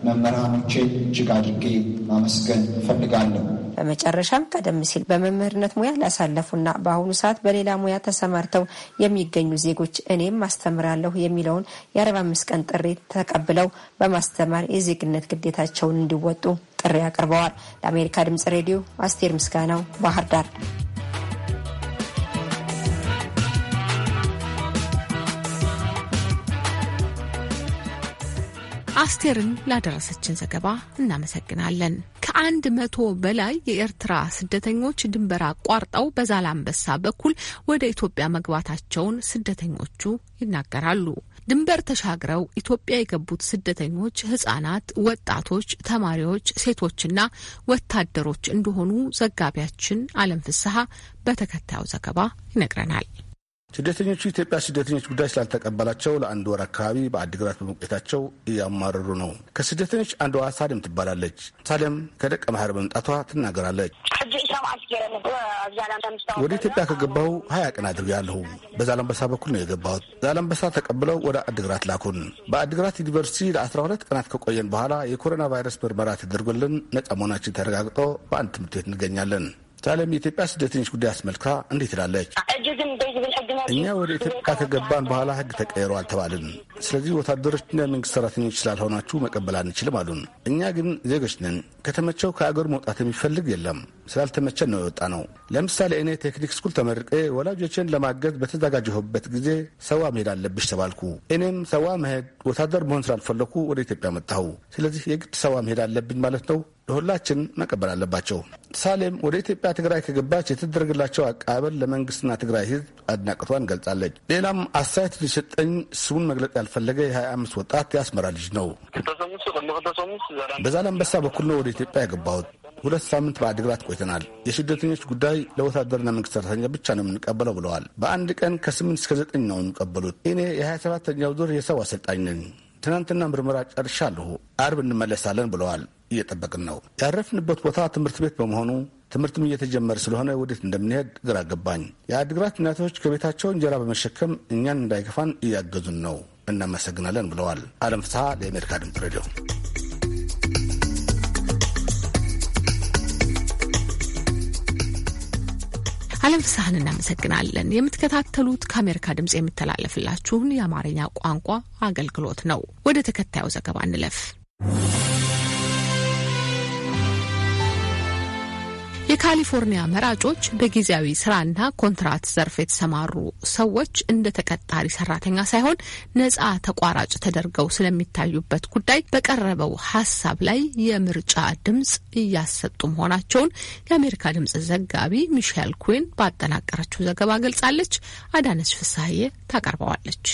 መምህራኖቼ እጅግ አድርጌ ማመስገን እፈልጋለሁ። በመጨረሻም ቀደም ሲል በመምህርነት ሙያ ላሳለፉና በአሁኑ ሰዓት በሌላ ሙያ ተሰማርተው የሚገኙ ዜጎች እኔም ማስተምራለሁ የሚለውን የአርባ አምስት ቀን ጥሪ ተቀብለው በማስተማር የዜግነት ግዴታቸውን እንዲወጡ ጥሪ አቅርበዋል። ለአሜሪካ ድምጽ ሬዲዮ አስቴር ምስጋናው ባህር ዳር አስቴርን ላደረሰችን ዘገባ እናመሰግናለን። ከአንድ መቶ በላይ የኤርትራ ስደተኞች ድንበር አቋርጠው በዛላንበሳ በኩል ወደ ኢትዮጵያ መግባታቸውን ስደተኞቹ ይናገራሉ። ድንበር ተሻግረው ኢትዮጵያ የገቡት ስደተኞች ህጻናት፣ ወጣቶች፣ ተማሪዎች፣ ሴቶችና ወታደሮች እንደሆኑ ዘጋቢያችን አለም ፍስሐ በተከታዩ ዘገባ ይነግረናል። ስደተኞቹ ኢትዮጵያ ስደተኞች ጉዳይ ስላልተቀበላቸው ለአንድ ወር አካባቢ በአዲግራት በመቆየታቸው እያማረሩ ነው። ከስደተኞች አንዷ ሳሌም ትባላለች። ሳሌም ከደቀ ማህር በመምጣቷ ትናገራለች። ወደ ኢትዮጵያ ከገባሁ ሀያ ቀን አድርጌያለሁ። ለንበሳ በኩል ነው የገባሁት። ዛላምበሳ ተቀብለው ወደ አድግራት ላኩን። በአድግራት ዩኒቨርሲቲ ለ12 ቀናት ከቆየን በኋላ የኮሮና ቫይረስ ምርመራ ተደርጎልን ነጻ መሆናችን ተረጋግጦ በአንድ ትምህርት ቤት እንገኛለን። ሳለም የኢትዮጵያ ስደተኞች ጉዳይ አስመልክታ እንዴት ትላለች? እኛ ወደ ኢትዮጵያ ከገባን በኋላ ህግ ተቀይሮ አልተባልን ስለዚህ ወታደሮችና የመንግስት ሰራተኞች ስላልሆናችሁ መቀበል አንችልም አሉን። እኛ ግን ዜጎች ነን። ከተመቸው ከአገሩ መውጣት የሚፈልግ የለም። ስላልተመቸን ነው የወጣ ነው። ለምሳሌ እኔ ቴክኒክ ስኩል ተመርቄ ወላጆችን ለማገዝ በተዘጋጀሁበት ጊዜ ሰዋ መሄድ አለብሽ ተባልኩ። እኔም ሰዋ መሄድ ወታደር መሆን ስላልፈለኩ ወደ ኢትዮጵያ መጣሁ። ስለዚህ የግድ ሰዋ መሄድ አለብኝ ማለት ነው ለሁላችን መቀበል አለባቸው። ሳሌም ወደ ኢትዮጵያ ትግራይ ከገባች የተደረገላቸው አቀባበል ለመንግስትና ትግራይ ህዝብ አድናቅቷን ገልጻለች። ሌላም አስተያየት ሊሰጠኝ ስሙን መግለጽ ያልፈለገ የ አምስት ወጣት የአስመራ ልጅ ነው። በዛላምበሳ በኩል ነው ወደ ኢትዮጵያ የገባሁት። ሁለት ሳምንት በአድግራት ቆይተናል። የስደተኞች ጉዳይ ለወታደርና መንግስት ሰራተኛ ብቻ ነው የምንቀበለው ብለዋል። በአንድ ቀን ከስምንት እስከ ዘጠኝ ነው የሚቀበሉት። እኔ የ27ተኛው ዙር የሰው አሰልጣኝ ነኝ። ትናንትና ምርመራ ጨርሻለሁ። አርብ እንመለሳለን ብለዋል። እየጠበቅን ነው። ያረፍንበት ቦታ ትምህርት ቤት በመሆኑ ትምህርትም እየተጀመረ ስለሆነ ወዴት እንደምንሄድ ግራ ገባኝ። የአድግራት እናቶች ከቤታቸው እንጀራ በመሸከም እኛን እንዳይከፋን እያገዙን ነው። እናመሰግናለን ብለዋል። አለም ፍስሐ ለአሜሪካ ድምፅ ሬዲዮ። አለም ፍስሐን እናመሰግናለን። የምትከታተሉት ከአሜሪካ ድምፅ የሚተላለፍላችሁን የአማርኛ ቋንቋ አገልግሎት ነው። ወደ ተከታዩ ዘገባ እንለፍ። የካሊፎርኒያ መራጮች በጊዜያዊ ስራና ኮንትራት ዘርፍ የተሰማሩ ሰዎች እንደ ተቀጣሪ ሰራተኛ ሳይሆን ነጻ ተቋራጭ ተደርገው ስለሚታዩበት ጉዳይ በቀረበው ሀሳብ ላይ የምርጫ ድምጽ እያሰጡ መሆናቸውን የአሜሪካ ድምጽ ዘጋቢ ሚሼል ኩዊን ባጠናቀረችው ዘገባ ገልጻለች። አዳነች ፍሳሀዬ ታቀርበዋለች።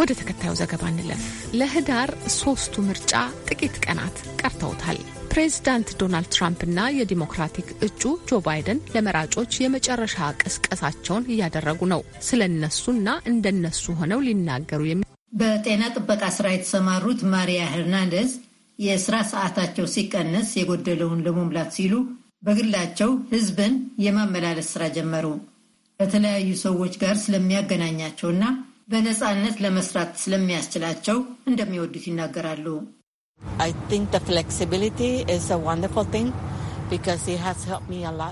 ወደ ተከታዩ ዘገባ እንለፍ። ለህዳር ሶስቱ ምርጫ ጥቂት ቀናት ቀርተውታል። ፕሬዚዳንት ዶናልድ ትራምፕና የዲሞክራቲክ እጩ ጆ ባይደን ለመራጮች የመጨረሻ ቅስቀሳቸውን እያደረጉ ነው። ስለ እነሱና እንደነሱ ሆነው ሊናገሩ የሚ በጤና ጥበቃ ስራ የተሰማሩት ማሪያ ሄርናንደዝ የስራ ሰዓታቸው ሲቀነስ የጎደለውን ለመሙላት ሲሉ በግላቸው ህዝብን የማመላለስ ስራ ጀመሩ። ከተለያዩ ሰዎች ጋር ስለሚያገናኛቸውና በነፃነት ለመስራት ስለሚያስችላቸው እንደሚወዱት ይናገራሉ።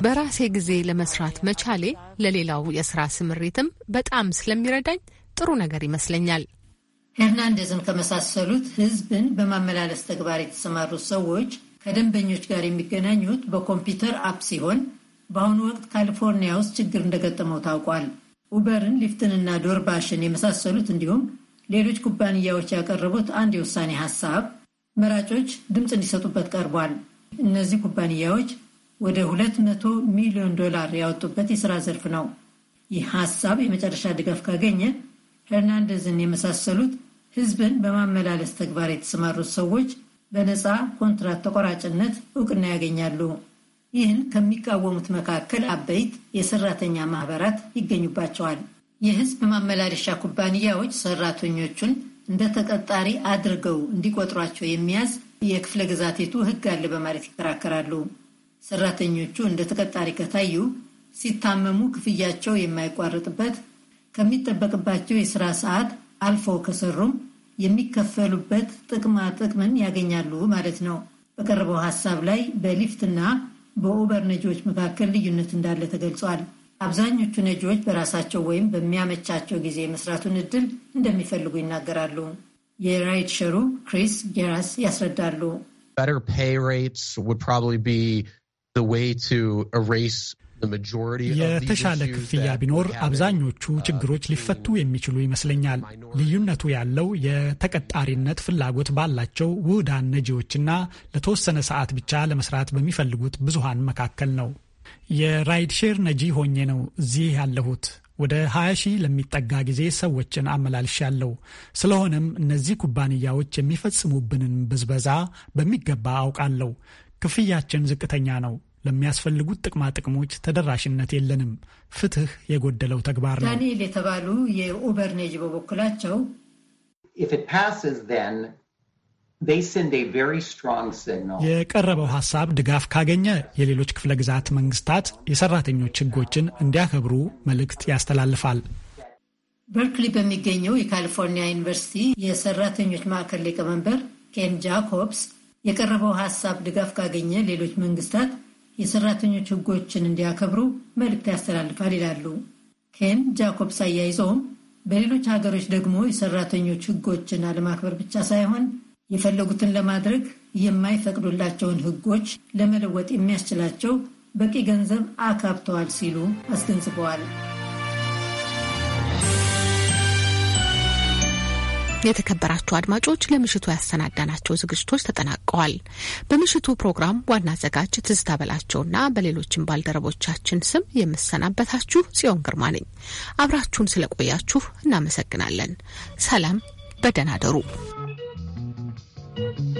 በራሴ ጊዜ ለመስራት መቻሌ ለሌላው የስራ ስምሪትም በጣም ስለሚረዳኝ ጥሩ ነገር ይመስለኛል። ሄርናንዴዝን ከመሳሰሉት ህዝብን በማመላለስ ተግባር የተሰማሩት ሰዎች ከደንበኞች ጋር የሚገናኙት በኮምፒውተር አፕ ሲሆን በአሁኑ ወቅት ካሊፎርኒያ ውስጥ ችግር እንደገጠመው ታውቋል። ኡበርን፣ ሊፍትንና ዶርባሽን የመሳሰሉት እንዲሁም ሌሎች ኩባንያዎች ያቀረቡት አንድ የውሳኔ ሀሳብ መራጮች ድምፅ እንዲሰጡበት ቀርቧል። እነዚህ ኩባንያዎች ወደ 200 ሚሊዮን ዶላር ያወጡበት የሥራ ዘርፍ ነው። ይህ ሐሳብ የመጨረሻ ድጋፍ ካገኘ ሄርናንደዝን የመሳሰሉት ሕዝብን በማመላለስ ተግባር የተሰማሩት ሰዎች በነፃ ኮንትራት ተቆራጭነት እውቅና ያገኛሉ። ይህን ከሚቃወሙት መካከል አበይት የሰራተኛ ማህበራት ይገኙባቸዋል። የህዝብ ማመላለሻ ኩባንያዎች ሰራተኞቹን እንደ ተቀጣሪ አድርገው እንዲቆጥሯቸው የሚያዝ የክፍለ ግዛቴቱ ሕግ አለ በማለት ይከራከራሉ። ሰራተኞቹ እንደ ተቀጣሪ ከታዩ ሲታመሙ ክፍያቸው የማይቋረጥበት ከሚጠበቅባቸው የስራ ሰዓት አልፎ ከሰሩም የሚከፈሉበት ጥቅማ ጥቅምን ያገኛሉ ማለት ነው። በቀረበው ሀሳብ ላይ በሊፍትና በኡበር ነጂዎች መካከል ልዩነት እንዳለ ተገልጿል። አብዛኞቹ ነጂዎች በራሳቸው ወይም በሚያመቻቸው ጊዜ የመስራቱን እድል እንደሚፈልጉ ይናገራሉ። የራይድ ሸሩ ክሪስ ጌራስ ያስረዳሉ። የተሻለ ክፍያ ቢኖር አብዛኞቹ ችግሮች ሊፈቱ የሚችሉ ይመስለኛል። ልዩነቱ ያለው የተቀጣሪነት ፍላጎት ባላቸው ውህዳን ነጂዎችና ለተወሰነ ሰዓት ብቻ ለመስራት በሚፈልጉት ብዙሃን መካከል ነው። የራይድ ሼር ነጂ ሆኜ ነው እዚህ ያለሁት። ወደ 20 ሺህ ለሚጠጋ ጊዜ ሰዎችን አመላልሻለሁ። ስለሆነም እነዚህ ኩባንያዎች የሚፈጽሙብንን ብዝበዛ በሚገባ አውቃለሁ። ክፍያችን ዝቅተኛ ነው። ለሚያስፈልጉት ጥቅማ ጥቅሞች ተደራሽነት የለንም። ፍትህ የጎደለው ተግባር ነው። ዳንኤል የተባሉ የኡበር ነጂ በበኩላቸው የቀረበው ሀሳብ ድጋፍ ካገኘ የሌሎች ክፍለ ግዛት መንግስታት የሰራተኞች ህጎችን እንዲያከብሩ መልእክት ያስተላልፋል። በርክሊ በሚገኘው የካሊፎርኒያ ዩኒቨርሲቲ የሰራተኞች ማዕከል ሊቀመንበር ኬን ጃኮብስ የቀረበው ሀሳብ ድጋፍ ካገኘ ሌሎች መንግስታት የሰራተኞች ህጎችን እንዲያከብሩ መልእክት ያስተላልፋል ይላሉ። ኬን ጃኮብስ አያይዘውም በሌሎች ሀገሮች ደግሞ የሰራተኞች ህጎችን አለማክበር ብቻ ሳይሆን የፈለጉትን ለማድረግ የማይፈቅዱላቸውን ሕጎች ለመለወጥ የሚያስችላቸው በቂ ገንዘብ አካብተዋል ሲሉ አስገንዝበዋል። የተከበራችሁ አድማጮች ለምሽቱ ያሰናዳናቸው ዝግጅቶች ተጠናቀዋል። በምሽቱ ፕሮግራም ዋና አዘጋጅ ትዝታ በላቸውና በሌሎችም ባልደረቦቻችን ስም የምሰናበታችሁ ጽዮን ግርማ ነኝ። አብራችሁን ስለቆያችሁ እናመሰግናለን። ሰላም፣ በደህና አደሩ። thank you